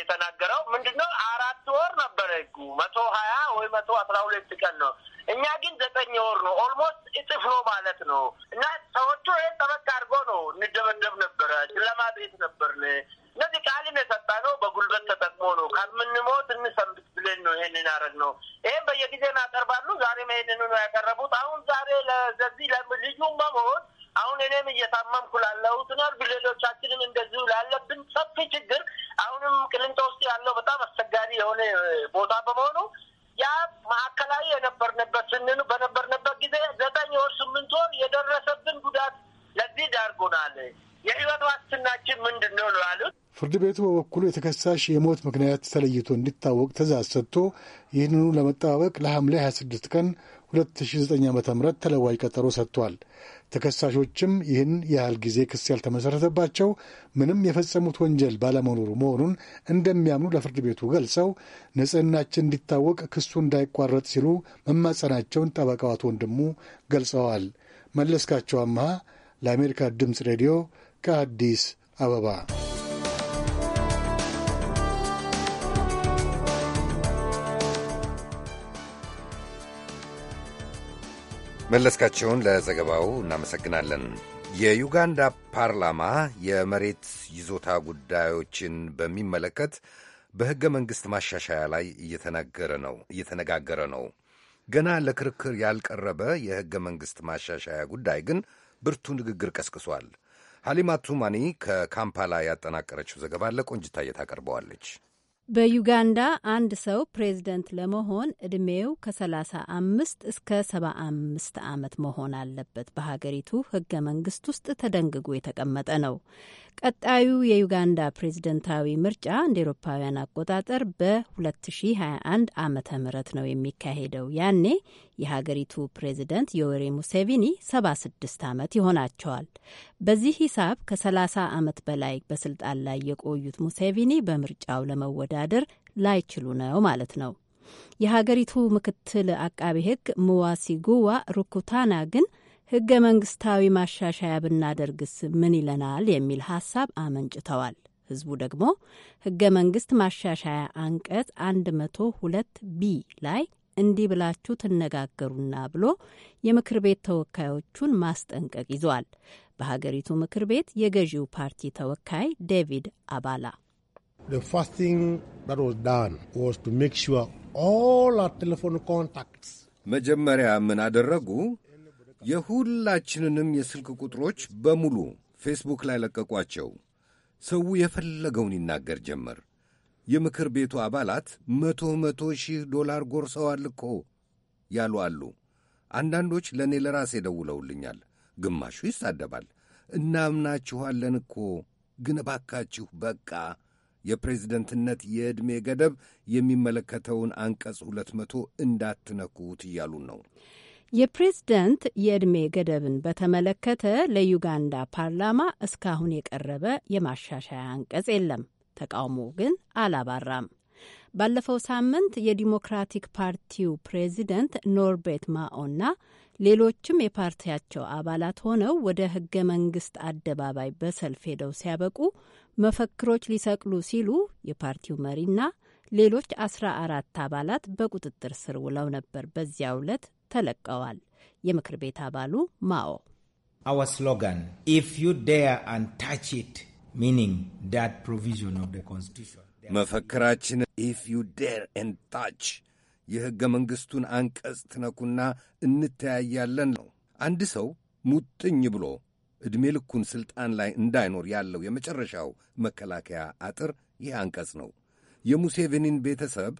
የተናገረው ምንድነው? አራት ወር ነበረ ህጉ መቶ ሀያ ወይ መቶ አስራ ሁለት ቀን ነው። እኛ ግን ዘጠኝ ወር ነው። ኦልሞስት እጥፍ ነው ማለት ነው። እና ሰዎቹ ይህን ጠበቅ አድርጎ ነው እንደመደብ ነበረ። ጨለማ ቤት ነበር። ስለዚህ ቃልም የሰጣ ነው በጉልበት ተጠቅሞ ነው ከምንሞት እንሰንብት ብለን ነው ይሄንን ያደረግ ነው። ይህም በየጊዜ ያቀርባሉ። ዛሬም ይሄንን ነው ያቀረቡት። አሁን ዛሬ ለዚህ ልጁም በመሆን አሁን እኔም እየታመምኩ ላለሁት ነር ሌሎቻችንም እንደዚሁ ላለብን ሰፊ ችግር አሁንም ቅልንጦ ውስጥ ያለው በጣም አስቸጋሪ የሆነ ቦታ በመሆኑ ያ ማዕከላዊ የነበርንበት ስንኑ በነበርንበት ጊዜ ዘጠኝ ወር ስምንት ወር የደረሰብን ጉዳት ለዚህ ዳርጎናል። የህይወት ዋስትናችን ምንድን ነው ነው ያሉት። ፍርድ ቤቱ በበኩሉ የተከሳሽ የሞት ምክንያት ተለይቶ እንዲታወቅ ትእዛዝ ሰጥቶ ይህንኑ ለመጠባበቅ ለሐምሌ 26 ቀን 2009 ዓ ም ተለዋጭ ቀጠሮ ሰጥቷል። ተከሳሾችም ይህን ያህል ጊዜ ክስ ያልተመሠረተባቸው ምንም የፈጸሙት ወንጀል ባለመኖሩ መሆኑን እንደሚያምኑ ለፍርድ ቤቱ ገልጸው ንጽህናችን እንዲታወቅ ክሱ እንዳይቋረጥ ሲሉ መማጸናቸውን ጠበቃው አቶ ወንድሙ ገልጸዋል። መለስካቸው አምሃ ለአሜሪካ ድምፅ ሬዲዮ ከአዲስ አበባ መለስካቸውን ለዘገባው እናመሰግናለን። የዩጋንዳ ፓርላማ የመሬት ይዞታ ጉዳዮችን በሚመለከት በሕገ መንግሥት ማሻሻያ ላይ እየተነጋገረ ነው። ገና ለክርክር ያልቀረበ የሕገ መንግሥት ማሻሻያ ጉዳይ ግን ብርቱ ንግግር ቀስቅሷል። ሀሊማ ቱማኒ ከካምፓላ ያጠናቀረችው ዘገባ ለቆንጅታየ ታቀርበዋለች። በዩጋንዳ አንድ ሰው ፕሬዝደንት ለመሆን እድሜው ከ35 እስከ 75 ዓመት መሆን አለበት። በሀገሪቱ ህገ መንግስት ውስጥ ተደንግጎ የተቀመጠ ነው። ቀጣዩ የዩጋንዳ ፕሬዝደንታዊ ምርጫ እንደ ኤሮፓውያን አቆጣጠር በ2021 ዓ ም ነው የሚካሄደው። ያኔ የሀገሪቱ ፕሬዝደንት ዮዌሪ ሙሴቪኒ 76 ዓመት ይሆናቸዋል። በዚህ ሂሳብ ከ30 ዓመት በላይ በስልጣን ላይ የቆዩት ሙሴቪኒ በምርጫው ለመወዳደር ላይችሉ ነው ማለት ነው። የሀገሪቱ ምክትል አቃቤ ሕግ ሙዋሲጉዋ ሩኩታና ግን ህገ መንግስታዊ ማሻሻያ ብናደርግስ ምን ይለናል የሚል ሀሳብ አመንጭተዋል። ህዝቡ ደግሞ ህገ መንግስት ማሻሻያ አንቀጽ 102 ቢ ላይ እንዲህ ብላችሁ ትነጋገሩና ብሎ የምክር ቤት ተወካዮቹን ማስጠንቀቅ ይዟል። በሀገሪቱ ምክር ቤት የገዢው ፓርቲ ተወካይ ዴቪድ አባላ መጀመሪያ ምን አደረጉ? የሁላችንንም የስልክ ቁጥሮች በሙሉ ፌስቡክ ላይ ለቀቋቸው። ሰው የፈለገውን ይናገር ጀመር። የምክር ቤቱ አባላት መቶ መቶ ሺህ ዶላር ጎርሰዋል እኮ ያሉ አሉ። አንዳንዶች ለእኔ ለራሴ ደውለውልኛል። ግማሹ ይሳደባል። እናምናችኋለን እኮ ግን እባካችሁ በቃ የፕሬዝደንትነት የዕድሜ ገደብ የሚመለከተውን አንቀጽ ሁለት መቶ እንዳትነኩት እያሉን ነው። የፕሬዝደንት የዕድሜ ገደብን በተመለከተ ለዩጋንዳ ፓርላማ እስካሁን የቀረበ የማሻሻያ አንቀጽ የለም። ተቃውሞ ግን አላባራም። ባለፈው ሳምንት የዲሞክራቲክ ፓርቲው ፕሬዚደንት ኖርቤት ማኦና ሌሎችም የፓርቲያቸው አባላት ሆነው ወደ ህገ መንግስት አደባባይ በሰልፍ ሄደው ሲያበቁ መፈክሮች ሊሰቅሉ ሲሉ የፓርቲው መሪና ሌሎች አስራ አራት አባላት በቁጥጥር ስር ውለው ነበር። በዚያው ዕለት ተለቀዋል። የምክር ቤት አባሉ ማኦ our slogan if you dare and touch it meaning that መፈክራችን if you የሕገ መንግሥቱን አንቀጽ ትነኩና እንተያያለን ነው። አንድ ሰው ሙጥኝ ብሎ ዕድሜ ልኩን ሥልጣን ላይ እንዳይኖር ያለው የመጨረሻው መከላከያ አጥር ይህ አንቀጽ ነው። የሙሴቬኒን ቤተሰብ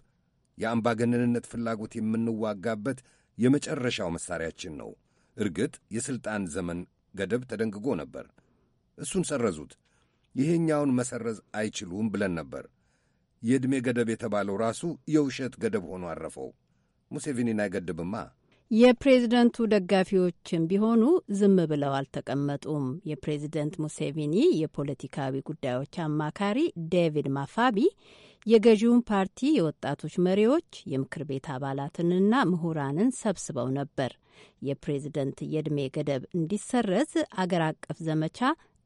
የአምባገነንነት ፍላጎት የምንዋጋበት የመጨረሻው መሳሪያችን ነው። እርግጥ የሥልጣን ዘመን ገደብ ተደንግጎ ነበር። እሱን ሰረዙት። ይሄኛውን መሰረዝ አይችሉም ብለን ነበር። የዕድሜ ገደብ የተባለው ራሱ የውሸት ገደብ ሆኖ አረፈው። ሙሴቪኒን አይገድብማ። የፕሬዝደንቱ ደጋፊዎችም ቢሆኑ ዝም ብለው አልተቀመጡም። የፕሬዝደንት ሙሴቪኒ የፖለቲካዊ ጉዳዮች አማካሪ ዴቪድ ማፋቢ የገዢውን ፓርቲ የወጣቶች መሪዎች የምክር ቤት አባላትንና ምሁራንን ሰብስበው ነበር። የፕሬዝደንት የዕድሜ ገደብ እንዲሰረዝ አገር አቀፍ ዘመቻ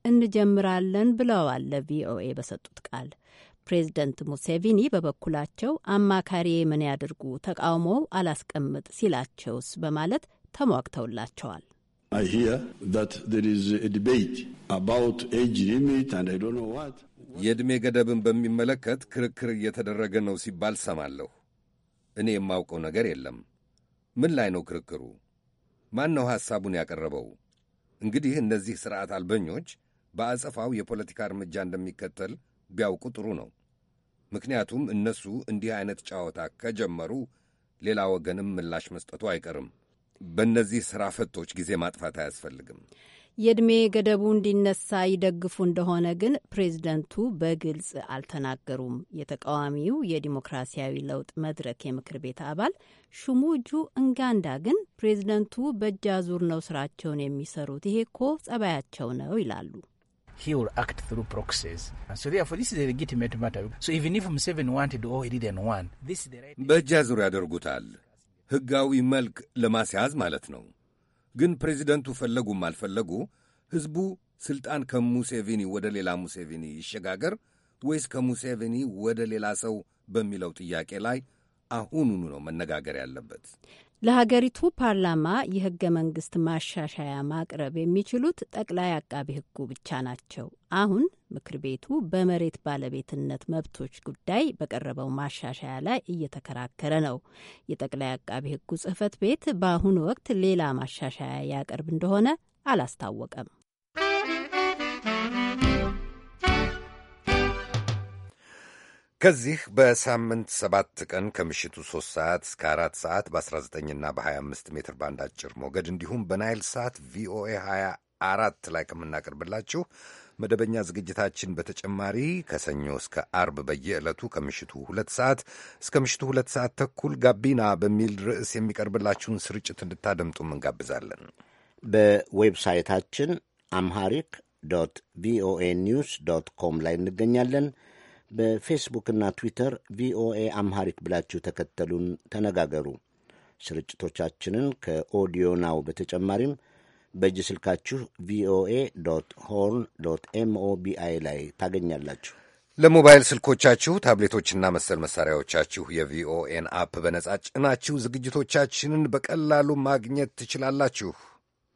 እንጀምራለን ብለዋል ለቪኦኤ በሰጡት ቃል። ፕሬዝደንት ሙሴቪኒ በበኩላቸው አማካሪ ምን ያድርጉ ተቃውሞው አላስቀምጥ ሲላቸውስ በማለት ተሟግተውላቸዋል። የዕድሜ ገደብን በሚመለከት ክርክር እየተደረገ ነው ሲባል ሰማለሁ። እኔ የማውቀው ነገር የለም። ምን ላይ ነው ክርክሩ? ማን ነው ሐሳቡን ያቀረበው? እንግዲህ እነዚህ ሥርዓት አልበኞች በአጸፋው የፖለቲካ እርምጃ እንደሚከተል ቢያውቁ ጥሩ ነው። ምክንያቱም እነሱ እንዲህ ዐይነት ጨዋታ ከጀመሩ ሌላ ወገንም ምላሽ መስጠቱ አይቀርም። በእነዚህ ስራ ፈቶች ጊዜ ማጥፋት አያስፈልግም። የዕድሜ ገደቡ እንዲነሳ ይደግፉ እንደሆነ ግን ፕሬዝደንቱ በግልጽ አልተናገሩም። የተቃዋሚው የዲሞክራሲያዊ ለውጥ መድረክ የምክር ቤት አባል ሹሙጁ እንጋንዳ ግን ፕሬዝደንቱ በእጅ አዙር ነው ስራቸውን የሚሰሩት፣ ይሄ እኮ ጸባያቸው ነው ይላሉ። በእጅ አዙር ያደርጉታል። ሕጋዊ መልክ ለማስያዝ ማለት ነው። ግን ፕሬዚደንቱ ፈለጉም አልፈለጉ ሕዝቡ ስልጣን ከሙሴቪኒ ወደ ሌላ ሙሴቪኒ ይሸጋገር ወይስ ከሙሴቪኒ ወደ ሌላ ሰው በሚለው ጥያቄ ላይ አሁኑኑ ነው መነጋገር ያለበት። ለሀገሪቱ ፓርላማ የህገ መንግስት ማሻሻያ ማቅረብ የሚችሉት ጠቅላይ አቃቢ ህጉ ብቻ ናቸው። አሁን ምክር ቤቱ በመሬት ባለቤትነት መብቶች ጉዳይ በቀረበው ማሻሻያ ላይ እየተከራከረ ነው። የጠቅላይ አቃቢ ህጉ ጽህፈት ቤት በአሁኑ ወቅት ሌላ ማሻሻያ ያቀርብ እንደሆነ አላስታወቀም። ከዚህ በሳምንት ሰባት ቀን ከምሽቱ ሶስት ሰዓት እስከ አራት ሰዓት በ19ና በ25 ሜትር ባንድ አጭር ሞገድ እንዲሁም በናይል ሰዓት ቪኦኤ 24 ላይ ከምናቀርብላችሁ መደበኛ ዝግጅታችን በተጨማሪ ከሰኞ እስከ አርብ በየዕለቱ ከምሽቱ ሁለት ሰዓት እስከ ምሽቱ ሁለት ሰዓት ተኩል ጋቢና በሚል ርዕስ የሚቀርብላችሁን ስርጭት እንድታደምጡም እንጋብዛለን። በዌብሳይታችን አምሃሪክ ዶት ቪኦኤ ኒውስ ዶት ኮም ላይ እንገኛለን። በፌስቡክና ትዊተር ቪኦኤ አምሃሪክ ብላችሁ ተከተሉን፣ ተነጋገሩ። ስርጭቶቻችንን ከኦዲዮ ናው በተጨማሪም በእጅ ስልካችሁ ቪኦኤ ዶት ሆርን ዶት ኤምኦቢአይ ላይ ታገኛላችሁ። ለሞባይል ስልኮቻችሁ ታብሌቶችና መሰል መሳሪያዎቻችሁ የቪኦኤን አፕ በነጻ ጭናችሁ ዝግጅቶቻችንን በቀላሉ ማግኘት ትችላላችሁ።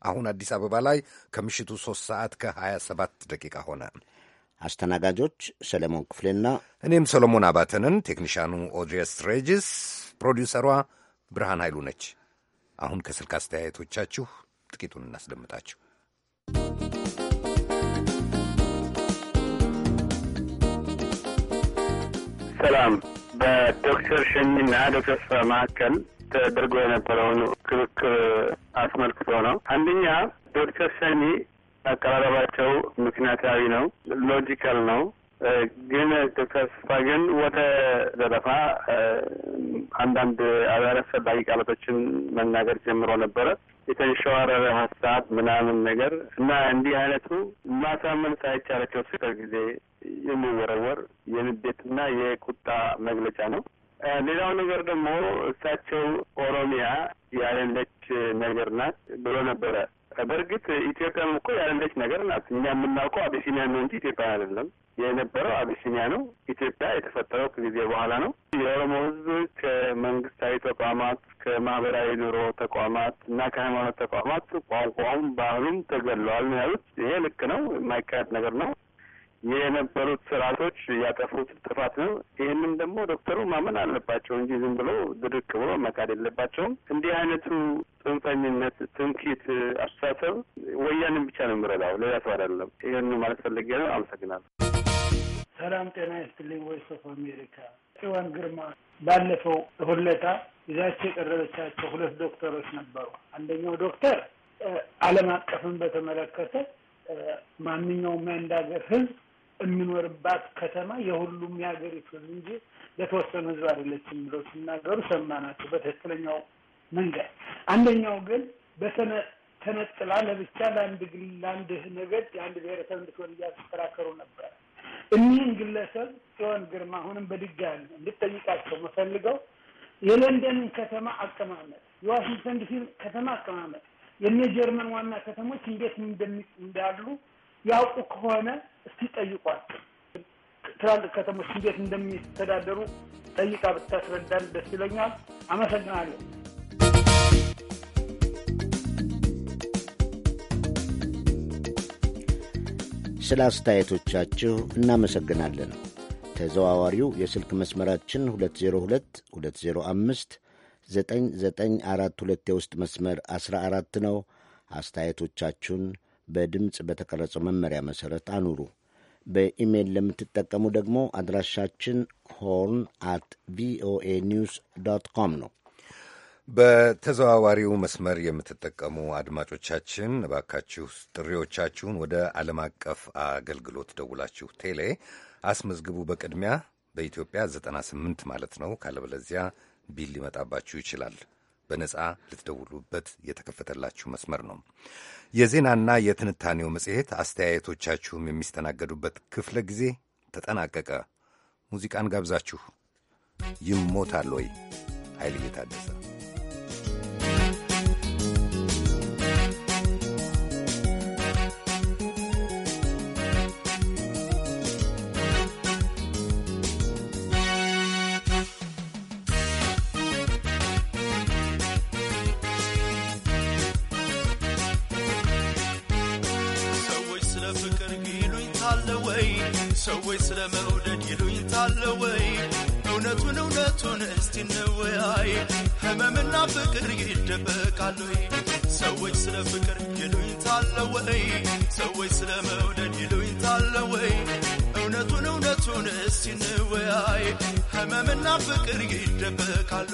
አሁን አዲስ አበባ ላይ ከምሽቱ 3 ሰዓት ከ27 ደቂቃ ሆነ። አስተናጋጆች ሰለሞን ክፍሌና እኔም ሰሎሞን አባተንን። ቴክኒሻኑ ኦድሬስ ሬጅስ፣ ፕሮዲውሰሯ ብርሃን ኃይሉ ነች። አሁን ከስልክ አስተያየቶቻችሁ ጥቂቱን እናስደምጣችሁ። ሰላም። በዶክተር ሸኝና ዶክተር ስራ መካከል ተደርጎ የነበረውን ክርክር አስመልክቶ ነው። አንደኛ ዶክተር ሸኒ አቀራረባቸው ምክንያታዊ ነው፣ ሎጂካል ነው። ግን ዶክተር ስፋ ግን ወደ ዘረፋ አንዳንድ አላስፈላጊ ቃላቶችን መናገር ጀምሮ ነበረ። የተንሸዋረረ ሀሳብ ምናምን ነገር እና እንዲህ አይነቱ ማሳመን ሳይቻላቸው ስቅር ጊዜ የሚወረወር የንዴትና የቁጣ መግለጫ ነው። ሌላው ነገር ደግሞ እሳቸው ኦሮሚያ ያለለች ነገር ናት ብሎ ነበረ በእርግጥ ኢትዮጵያም እኮ ያለች ነገር ናት። እኛ የምናውቀው አቢሲኒያ ነው እንጂ ኢትዮጵያ አይደለም። የነበረው አቢሲኒያ ነው። ኢትዮጵያ የተፈጠረው ከጊዜ በኋላ ነው። የኦሮሞ ሕዝብ ከመንግስታዊ ተቋማት፣ ከማህበራዊ ኑሮ ተቋማት እና ከሃይማኖት ተቋማት ቋንቋውም ባህሉም ተገለዋል ነው ያሉት። ይሄ ልክ ነው፣ የማይካሄድ ነገር ነው። የነበሩት ስርዓቶች ያጠፉት ጥፋት ነው። ይህንም ደግሞ ዶክተሩ ማመን አለባቸው እንጂ ዝም ብሎ ድርቅ ብሎ መካድ የለባቸውም። እንዲህ አይነቱ ጽንፈኝነት፣ ትምክህት፣ አስተሳሰብ ወያኔን ብቻ ነው የምረዳው፣ ሌላ ሰው አይደለም። ይህን ማለት ፈልጌ ነው። አመሰግናለሁ። ሰላም ጤና ይስጥልኝ። ቮይስ ኦፍ አሜሪካ ጽዮን ግርማ ባለፈው ሁለታ ይዛቸው የቀረበቻቸው ሁለት ዶክተሮች ነበሩ። አንደኛው ዶክተር ዓለም አቀፍን በተመለከተ ማንኛውም የአንድ ሀገር ሕዝብ የሚኖርባት ከተማ የሁሉም የሀገሪቱ እንጂ ለተወሰነ ህዝብ አይደለችም ብለው ሲናገሩ ሰማናቸው። በትክክለኛው መንገድ አንደኛው ግን በተነ ተነጥላ ለብቻ ለአንድ ግል ለአንድ ነገድ የአንድ ብሔረሰብ እንድትሆን እያስተከራከሩ ነበር። እኒህን ግለሰብ ጽዮን ግርማ አሁንም በድጋሚ እንድጠይቃቸው መፈልገው የለንደንን ከተማ አቀማመጥ፣ የዋሽንግተን ዲሲ ከተማ አቀማመጥ፣ የእነ ጀርመን ዋና ከተሞች እንዴት እንዳሉ ያውቁ ከሆነ እስቲ ጠይቋቸው። ትላልቅ ከተሞች እንዴት እንደሚተዳደሩ ጠይቃ ብታስረዳን ደስ ይለኛል። አመሰግናለሁ። ስለ አስተያየቶቻችሁ እናመሰግናለን። ተዘዋዋሪው የስልክ መስመራችን 2022059942 9942 የውስጥ መስመር 14 ነው። አስተያየቶቻችሁን በድምፅ በተቀረጸው መመሪያ መሰረት አኑሩ። በኢሜይል ለምትጠቀሙ ደግሞ አድራሻችን ሆርን አት ቪኦኤ ኒውስ ዶት ኮም ነው። በተዘዋዋሪው መስመር የምትጠቀሙ አድማጮቻችን እባካችሁ ጥሪዎቻችሁን ወደ ዓለም አቀፍ አገልግሎት ደውላችሁ ቴሌ አስመዝግቡ። በቅድሚያ በኢትዮጵያ 98 ማለት ነው። ካለበለዚያ ቢል ሊመጣባችሁ ይችላል። በነጻ ልትደውሉበት የተከፈተላችሁ መስመር ነው። የዜናና የትንታኔው መጽሔት አስተያየቶቻችሁም የሚስተናገዱበት ክፍለ ጊዜ ተጠናቀቀ። ሙዚቃን ጋብዛችሁ ይሞታል ወይ ኃይልዬ ታደሰ ሰዎች ስለ መውደድ ይሉኝ ታለወይ እውነቱን እውነቱን እስቲ እንወያይ ህመምና ፍቅር ይደበቃሉ ሰዎች ስለ ፍቅር ይሉኝ ታለወይ ሰዎች ስለ መውደድ ይሉኝ ታለወይ እውነቱን እውነቱን እስቲ እንወያይ ህመምና ፍቅር ይደበቃሉ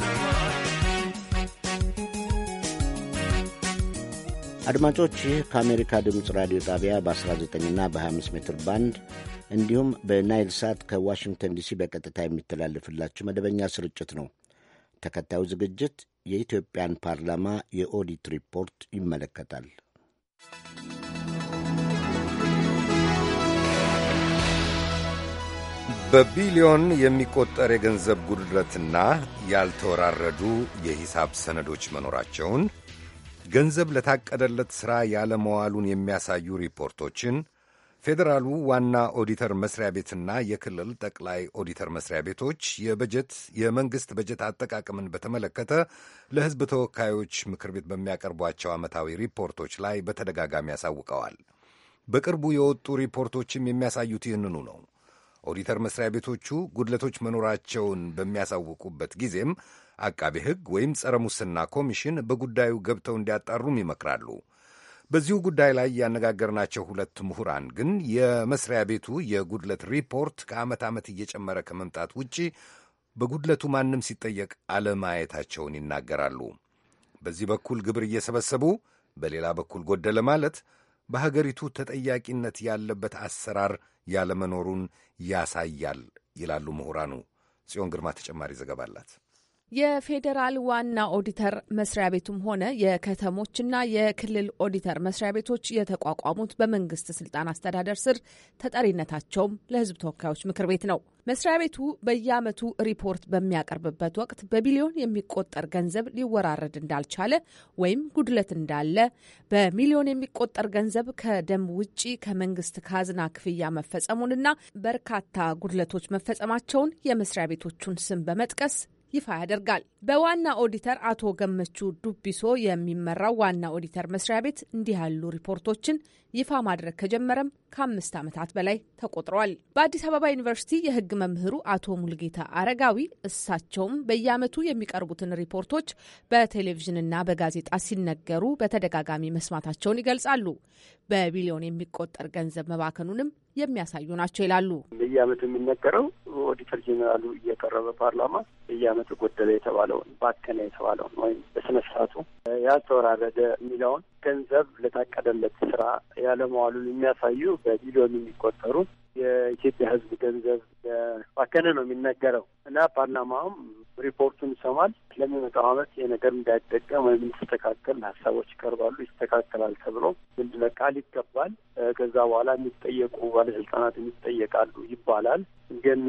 አድማጮች ይህ ከአሜሪካ ድምፅ ራዲዮ ጣቢያ በ19ና በ25 ሜትር ባንድ እንዲሁም በናይል ሳት ከዋሽንግተን ዲሲ በቀጥታ የሚተላለፍላችሁ መደበኛ ስርጭት ነው። ተከታዩ ዝግጅት የኢትዮጵያን ፓርላማ የኦዲት ሪፖርት ይመለከታል። በቢሊዮን የሚቆጠር የገንዘብ ጉድለትና ያልተወራረዱ የሂሳብ ሰነዶች መኖራቸውን ገንዘብ ለታቀደለት ሥራ ያለመዋሉን የሚያሳዩ ሪፖርቶችን ፌዴራሉ ዋና ኦዲተር መስሪያ ቤትና የክልል ጠቅላይ ኦዲተር መስሪያ ቤቶች የበጀት የመንግሥት በጀት አጠቃቀምን በተመለከተ ለሕዝብ ተወካዮች ምክር ቤት በሚያቀርቧቸው ዓመታዊ ሪፖርቶች ላይ በተደጋጋሚ ያሳውቀዋል። በቅርቡ የወጡ ሪፖርቶችም የሚያሳዩት ይህንኑ ነው። ኦዲተር መስሪያ ቤቶቹ ጉድለቶች መኖራቸውን በሚያሳውቁበት ጊዜም አቃቤ ሕግ ወይም ጸረ ሙስና ኮሚሽን በጉዳዩ ገብተው እንዲያጣሩም ይመክራሉ። በዚሁ ጉዳይ ላይ ያነጋገርናቸው ሁለት ምሁራን ግን የመስሪያ ቤቱ የጉድለት ሪፖርት ከዓመት ዓመት እየጨመረ ከመምጣት ውጪ በጉድለቱ ማንም ሲጠየቅ አለማየታቸውን ይናገራሉ። በዚህ በኩል ግብር እየሰበሰቡ በሌላ በኩል ጎደለ ማለት በሀገሪቱ ተጠያቂነት ያለበት አሰራር ያለመኖሩን ያሳያል ይላሉ ምሁራኑ። ጽዮን ግርማ ተጨማሪ ዘገባ አላት። የፌዴራል ዋና ኦዲተር መስሪያ ቤቱም ሆነ የከተሞችና የክልል ኦዲተር መስሪያ ቤቶች የተቋቋሙት በመንግስት ስልጣን አስተዳደር ስር ተጠሪነታቸውም ለሕዝብ ተወካዮች ምክር ቤት ነው። መስሪያ ቤቱ በየዓመቱ ሪፖርት በሚያቀርብበት ወቅት በቢሊዮን የሚቆጠር ገንዘብ ሊወራረድ እንዳልቻለ ወይም ጉድለት እንዳለ፣ በሚሊዮን የሚቆጠር ገንዘብ ከደንብ ውጪ ከመንግስት ካዝና ክፍያ መፈጸሙንና በርካታ ጉድለቶች መፈጸማቸውን የመስሪያ ቤቶቹን ስም በመጥቀስ ይፋ ያደርጋል። በዋና ኦዲተር አቶ ገመቹ ዱቢሶ የሚመራው ዋና ኦዲተር መስሪያ ቤት እንዲህ ያሉ ሪፖርቶችን ይፋ ማድረግ ከጀመረም ከአምስት ዓመታት በላይ ተቆጥረዋል። በአዲስ አበባ ዩኒቨርሲቲ የሕግ መምህሩ አቶ ሙልጌታ አረጋዊ እሳቸውም በየዓመቱ የሚቀርቡትን ሪፖርቶች በቴሌቪዥንና በጋዜጣ ሲነገሩ በተደጋጋሚ መስማታቸውን ይገልጻሉ። በቢሊዮን የሚቆጠር ገንዘብ መባከኑንም የሚያሳዩ ናቸው ይላሉ። በየአመቱ የሚነገረው ኦዲተር ጄኔራሉ እየቀረበ ፓርላማ በየአመቱ ጎደለ የተባለውን ባከነ የተባለውን ወይም በስነ ያልተወራረደ የሚለውን ገንዘብ ለታቀደለት ስራ ያለመዋሉን የሚያሳዩ በቢሊዮን የሚቆጠሩ የኢትዮጵያ ሕዝብ ገንዘብ ባከነ ነው የሚነገረው እና ፓርላማውም ሪፖርቱን ይሰማል። ለሚመጣው ዓመት ይህ ነገር እንዳይጠቀም ወይም እንዲስተካከል ሀሳቦች ይቀርባሉ። ይስተካከላል ተብሎ ምንድን ነው ቃል ይገባል። ከዛ በኋላ የሚጠየቁ ባለስልጣናት የሚጠየቃሉ ይባላል። ግን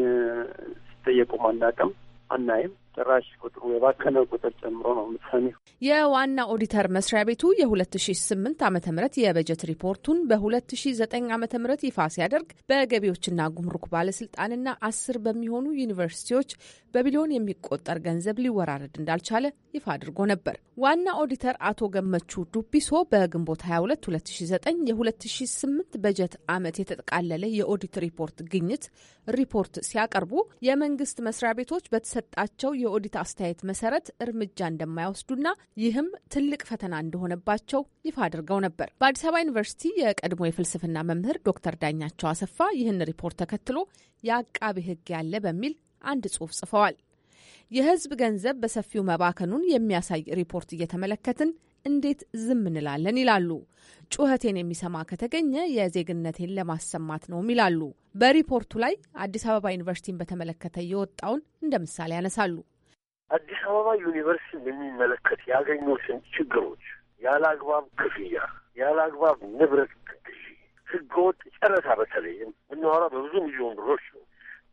ሲጠየቁ አናውቅም አናይም። ጭራሽ ቁጥሩ የባከነ ቁጥር ጨምሮ ነው የምትሰሚው። የዋና ኦዲተር መስሪያ ቤቱ የ2008 ዓ ም የበጀት ሪፖርቱን በ2009 ዓ ም ይፋ ሲያደርግ በገቢዎችና ጉምሩክ ባለስልጣንና አስር በሚሆኑ ዩኒቨርሲቲዎች በቢሊዮን የሚቆጠር ገንዘብ ሊወራረድ እንዳልቻለ ይፋ አድርጎ ነበር። ዋና ኦዲተር አቶ ገመቹ ዱቢሶ በግንቦት 22 2009 የ2008 በጀት ዓመት የተጠቃለለ የኦዲት ሪፖርት ግኝት ሪፖርት ሲያቀርቡ የመንግስት መስሪያ ቤቶች በተሰጣቸው የኦዲት አስተያየት መሰረት እርምጃ እንደማይወስዱና ይህም ትልቅ ፈተና እንደሆነባቸው ይፋ አድርገው ነበር። በአዲስ አበባ ዩኒቨርሲቲ የቀድሞ የፍልስፍና መምህር ዶክተር ዳኛቸው አሰፋ ይህን ሪፖርት ተከትሎ የአቃቤ ሕግ ያለ በሚል አንድ ጽሑፍ ጽፈዋል። የህዝብ ገንዘብ በሰፊው መባከኑን የሚያሳይ ሪፖርት እየተመለከትን እንዴት ዝም እንላለን ይላሉ። ጩኸቴን የሚሰማ ከተገኘ የዜግነቴን ለማሰማት ነውም ይላሉ። በሪፖርቱ ላይ አዲስ አበባ ዩኒቨርሲቲን በተመለከተ የወጣውን እንደ ምሳሌ ያነሳሉ። አዲስ አበባ ዩኒቨርሲቲ የሚመለከት ያገኙትን ችግሮች ያለ አግባብ ክፍያ፣ ያለ አግባብ ንብረት ግዢ፣ ህገወጥ ጨረታ፣ በተለይም የምናወራ በብዙ ሚሊዮን ብሮች ነው።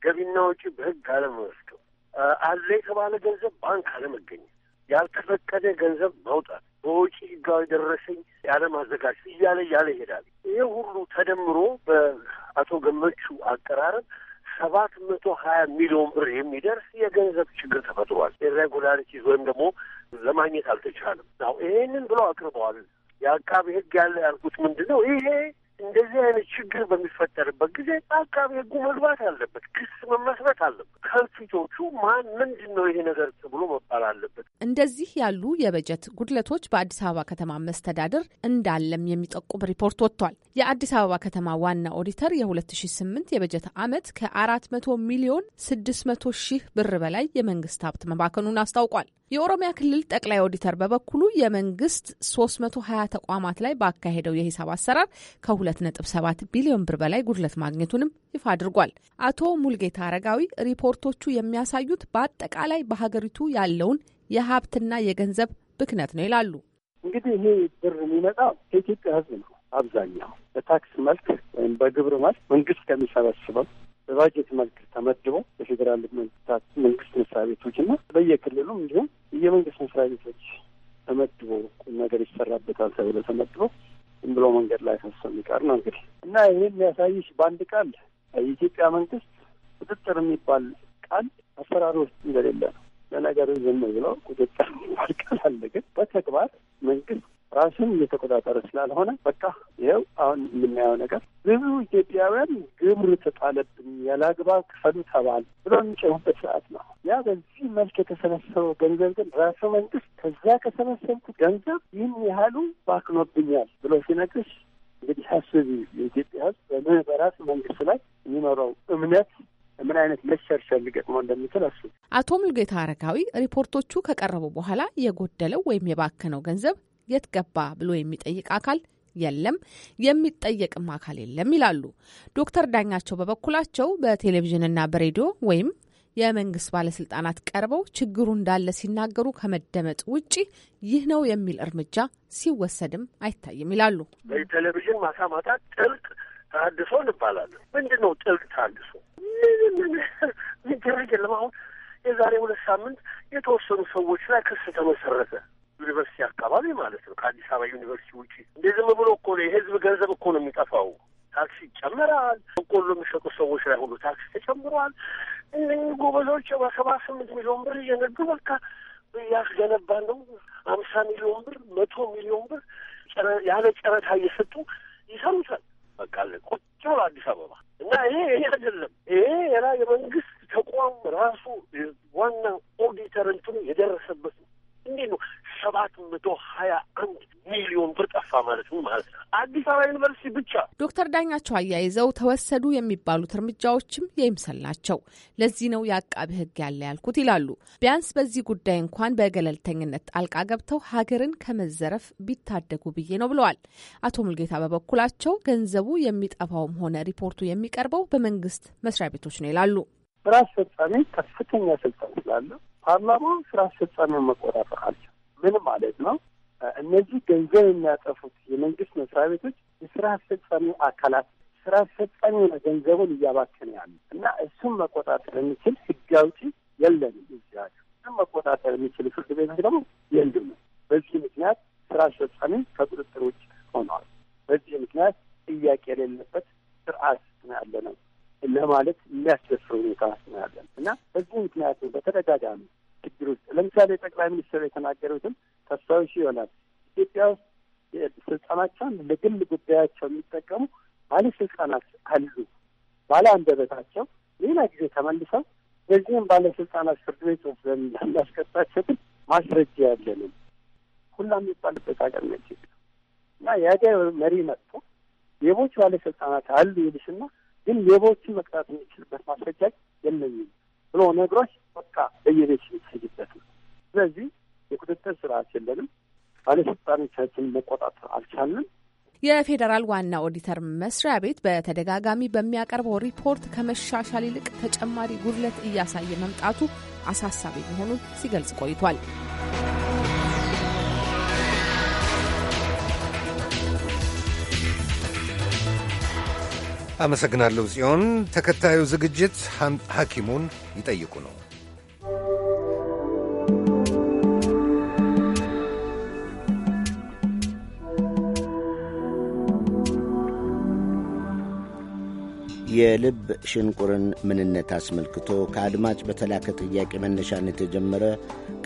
ገቢና ወጪ በህግ አለመመስከም፣ አለ የተባለ ገንዘብ ባንክ አለመገኘት፣ ያልተፈቀደ ገንዘብ መውጣት፣ በውጭ ህጋዊ ደረሰኝ ያለማዘጋጀት እያለ እያለ ይሄዳል። ይህ ሁሉ ተደምሮ በአቶ ገመቹ አቀራረብ ሰባት መቶ ሀያ ሚሊዮን ብር የሚደርስ የገንዘብ ችግር ተፈጥሯል። ኢሬጉላሪቲዝ ወይም ደግሞ ለማግኘት አልተቻለም። ይሄንን ብለው አቅርበዋል። የአቃቢ ሕግ ያለ ያልኩት ምንድን ነው ይሄ እንደዚህ አይነት ችግር በሚፈጠርበት ጊዜ አቃቤ ሕጉ መግባት አለበት፣ ክስ መመስረት አለበት። ከፊቶቹ ማን ምንድን ነው ይሄ ነገር ተብሎ መባል አለበት። እንደዚህ ያሉ የበጀት ጉድለቶች በአዲስ አበባ ከተማ መስተዳድር እንዳለም የሚጠቁም ሪፖርት ወጥቷል። የአዲስ አበባ ከተማ ዋና ኦዲተር የ2008 የበጀት ዓመት ከ400 ሚሊዮን 600 ሺህ ብር በላይ የመንግስት ሀብት መባከኑን አስታውቋል። የኦሮሚያ ክልል ጠቅላይ ኦዲተር በበኩሉ የመንግስት 320 ተቋማት ላይ ባካሄደው የሂሳብ አሰራር ከ2.7 ቢሊዮን ብር በላይ ጉድለት ማግኘቱንም ይፋ አድርጓል። አቶ ሙልጌታ አረጋዊ ሪፖርቶቹ የሚያሳዩት በአጠቃላይ በሀገሪቱ ያለውን የሀብትና የገንዘብ ብክነት ነው ይላሉ። እንግዲህ ይሄ ብር የሚመጣው ከኢትዮጵያ ሕዝብ ነው። አብዛኛው በታክስ መልክ ወይም በግብር መልክ መንግስት ከሚሰበስበው በባጀት መልክ ተመድቦ በፌዴራል መንግስታት መንግስት መስሪያ ቤቶች እና በየክልሉም እንዲሁም የመንግስት መስሪያ ቤቶች ተመድቦ ቁም ነገር ይሰራበታል ተብሎ ተመድቦ ዝም ብሎ መንገድ ላይ ፈሶ የሚቀር ነው እንግዲህ እና ይህን የሚያሳይሽ በአንድ ቃል የኢትዮጵያ መንግስት ቁጥጥር የሚባል ቃል አሰራር ውስጥ እንደሌለ ነው። ለነገሩ ዝም ብለው ቁጥጥር የሚባል ቃል አለ፣ ግን በተግባር መንግስት ራስን እየተቆጣጠረ ስላልሆነ በቃ ይኸው አሁን የምናየው ነገር ብዙ ኢትዮጵያውያን ግብር ተጣለብን ያላግባብ ክፈሉ ተባል ብሎ የሚጨሙበት ሰዓት ነው። ያ በዚህ መልክ የተሰበሰበው ገንዘብ ግን ራሱ መንግስት ከዛ ከሰበሰብኩት ገንዘብ ይህን ያህሉ ባክኖብኛል ብሎ ሲነግርሽ እንግዲህ አስቢ የኢትዮጵያ ህዝብ በምህ በራሱ መንግስት ላይ የሚኖረው እምነት ምን አይነት መሸርሸር ሊገጥመው እንደሚችል አስቡ። አቶ ሙልጌታ አረጋዊ ሪፖርቶቹ ከቀረቡ በኋላ የጎደለው ወይም የባከነው ገንዘብ የት ገባ ብሎ የሚጠይቅ አካል የለም፣ የሚጠየቅም አካል የለም ይላሉ። ዶክተር ዳኛቸው በበኩላቸው በቴሌቪዥንና በሬዲዮ ወይም የመንግስት ባለስልጣናት ቀርበው ችግሩ እንዳለ ሲናገሩ ከመደመጥ ውጪ ይህ ነው የሚል እርምጃ ሲወሰድም አይታይም ይላሉ። በቴሌቪዥን ማሳማታት ጥልቅ ተሀድሶ እንባላለን። ምንድን ነው ጥልቅ ተሀድሶ? ምን ደረጀ? የዛሬ ሁለት ሳምንት የተወሰኑ ሰዎች ላይ ክስ ተመሰረተ። ዩኒቨርሲቲ አካባቢ ማለት ነው። ከአዲስ አበባ ዩኒቨርሲቲ ውጪ እንደ ዝም ብሎ እኮ ነው የህዝብ ገንዘብ እኮ ነው የሚጠፋው። ታክሲ ይጨመራል። በቆሎ የሚሸጡ ሰዎች ላይ ሁሉ ታክሲ ተጨምሯል። እነህ ጎበዞች በሰባ ስምንት ሚሊዮን ብር እየነዱ በቃ እያስገነባ ነው። አምሳ ሚሊዮን ብር፣ መቶ ሚሊዮን ብር ያለ ጨረታ እየሰጡ ይሰሩታል። በቃ ቁጭ ብሎ አዲስ አበባ እና ይሄ ይሄ አይደለም ዶክተር ዳኛቸው አያይዘው ተወሰዱ የሚባሉት እርምጃዎችም የይምሰል ናቸው። ለዚህ ነው የአቃቢ ሕግ ያለ ያልኩት ይላሉ። ቢያንስ በዚህ ጉዳይ እንኳን በገለልተኝነት ጣልቃ ገብተው ሀገርን ከመዘረፍ ቢታደጉ ብዬ ነው ብለዋል። አቶ ሙልጌታ በበኩላቸው ገንዘቡ የሚጠፋውም ሆነ ሪፖርቱ የሚቀርበው በመንግስት መስሪያ ቤቶች ነው ይላሉ። ስራ አስፈጻሚ ከፍተኛ ስልጣን ስላለ ፓርላማ ስራ አስፈጻሚ መቆጣጠር አለ። ምን ማለት ነው? እነዚህ ገንዘብ የሚያጠፉት የመንግስት መስሪያ ቤቶች የስራ አስፈጻሚው አካላት ስራ አስፈጻሚ ሆነ ገንዘቡን እያባከነ ያሉ እና እሱም መቆጣጠር የሚችል ህግ አውጪ የለንም። እዚያሉ እሱም መቆጣጠር የሚችል ፍርድ ቤቶች ደግሞ የሉም። በዚህ ምክንያት ስራ አስፈጻሚ ከቁጥጥር ውጭ ሆነዋል። በዚህ ምክንያት ጥያቄ የሌለበት ስርዓት ነው ያለ ነው ለማለት የሚያስደፍር ሁኔታ ነው ያለን እና በዚህ ምክንያት በተደጋጋሚ ችግሮች ለምሳሌ ጠቅላይ ሚኒስትር የተናገሩትም ተስፋዊ ይሆናል ኢትዮጵያ ውስጥ ስልጣናቸውን ለግል ጉዳያቸው የሚጠቀሙ ባለስልጣናት አሉ። ባለ አንደበታቸው ሌላ ጊዜ ተመልሰው በዚህም ባለስልጣናት ፍርድ ቤት ወስደን እንዳስቀጣቸው ግን ማስረጃ ያለንም ሁላ የሚባልበት ሀገር ነው ኢትዮጵያ እና የሀገር መሪ መጥቶ የቦች ባለስልጣናት አሉ ይልሽና ግን የቦቹ መቅጣት የሚችልበት ማስረጃ የለኝም። ብሎ ነግሮች በቃ በየቤት ሲሄድበት ነው። ስለዚህ የቁጥጥር ስርዓት የለንም። ባለስልጣኖቻችን መቆጣጠር አልቻልንም። የፌዴራል ዋና ኦዲተር መስሪያ ቤት በተደጋጋሚ በሚያቀርበው ሪፖርት ከመሻሻል ይልቅ ተጨማሪ ጉድለት እያሳየ መምጣቱ አሳሳቢ መሆኑን ሲገልጽ ቆይቷል። አመሰግናለሁ ጽዮን። ተከታዩ ዝግጅት ሐኪሙን ይጠይቁ ነው። የልብ ሽንቁርን ምንነት አስመልክቶ ከአድማጭ በተላከ ጥያቄ መነሻን የተጀመረ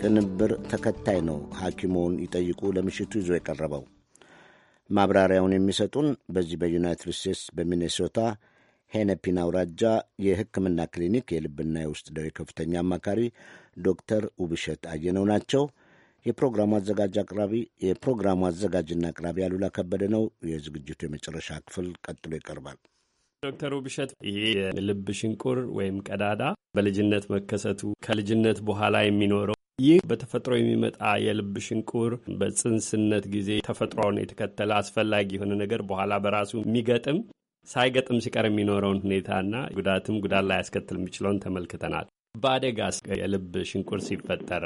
ቅንብር ተከታይ ነው። ሐኪሙን ይጠይቁ ለምሽቱ ይዞ የቀረበው ማብራሪያውን የሚሰጡን በዚህ በዩናይትድ ስቴትስ በሚኔሶታ ሄነፒን አውራጃ የሕክምና ክሊኒክ የልብና የውስጥ ደዌ ከፍተኛ አማካሪ ዶክተር ውብሸት አየነው ናቸው። የፕሮግራሙ አዘጋጅ አቅራቢ የፕሮግራሙ አዘጋጅና አቅራቢ አሉላ ከበደ ነው። የዝግጅቱ የመጨረሻ ክፍል ቀጥሎ ይቀርባል። ዶክተር ውብሸት ይሄ የልብ ሽንቁር ወይም ቀዳዳ በልጅነት መከሰቱ ከልጅነት በኋላ የሚኖረው ይህ በተፈጥሮ የሚመጣ የልብ ሽንቁር በጽንስነት ጊዜ ተፈጥሮን የተከተለ አስፈላጊ የሆነ ነገር በኋላ በራሱ የሚገጥም ሳይገጥም ሲቀር የሚኖረውን ሁኔታና ጉዳትም ጉዳት ላይ ያስከትል የሚችለውን ተመልክተናል። በአደጋ የልብ ሽንቁር ሲፈጠር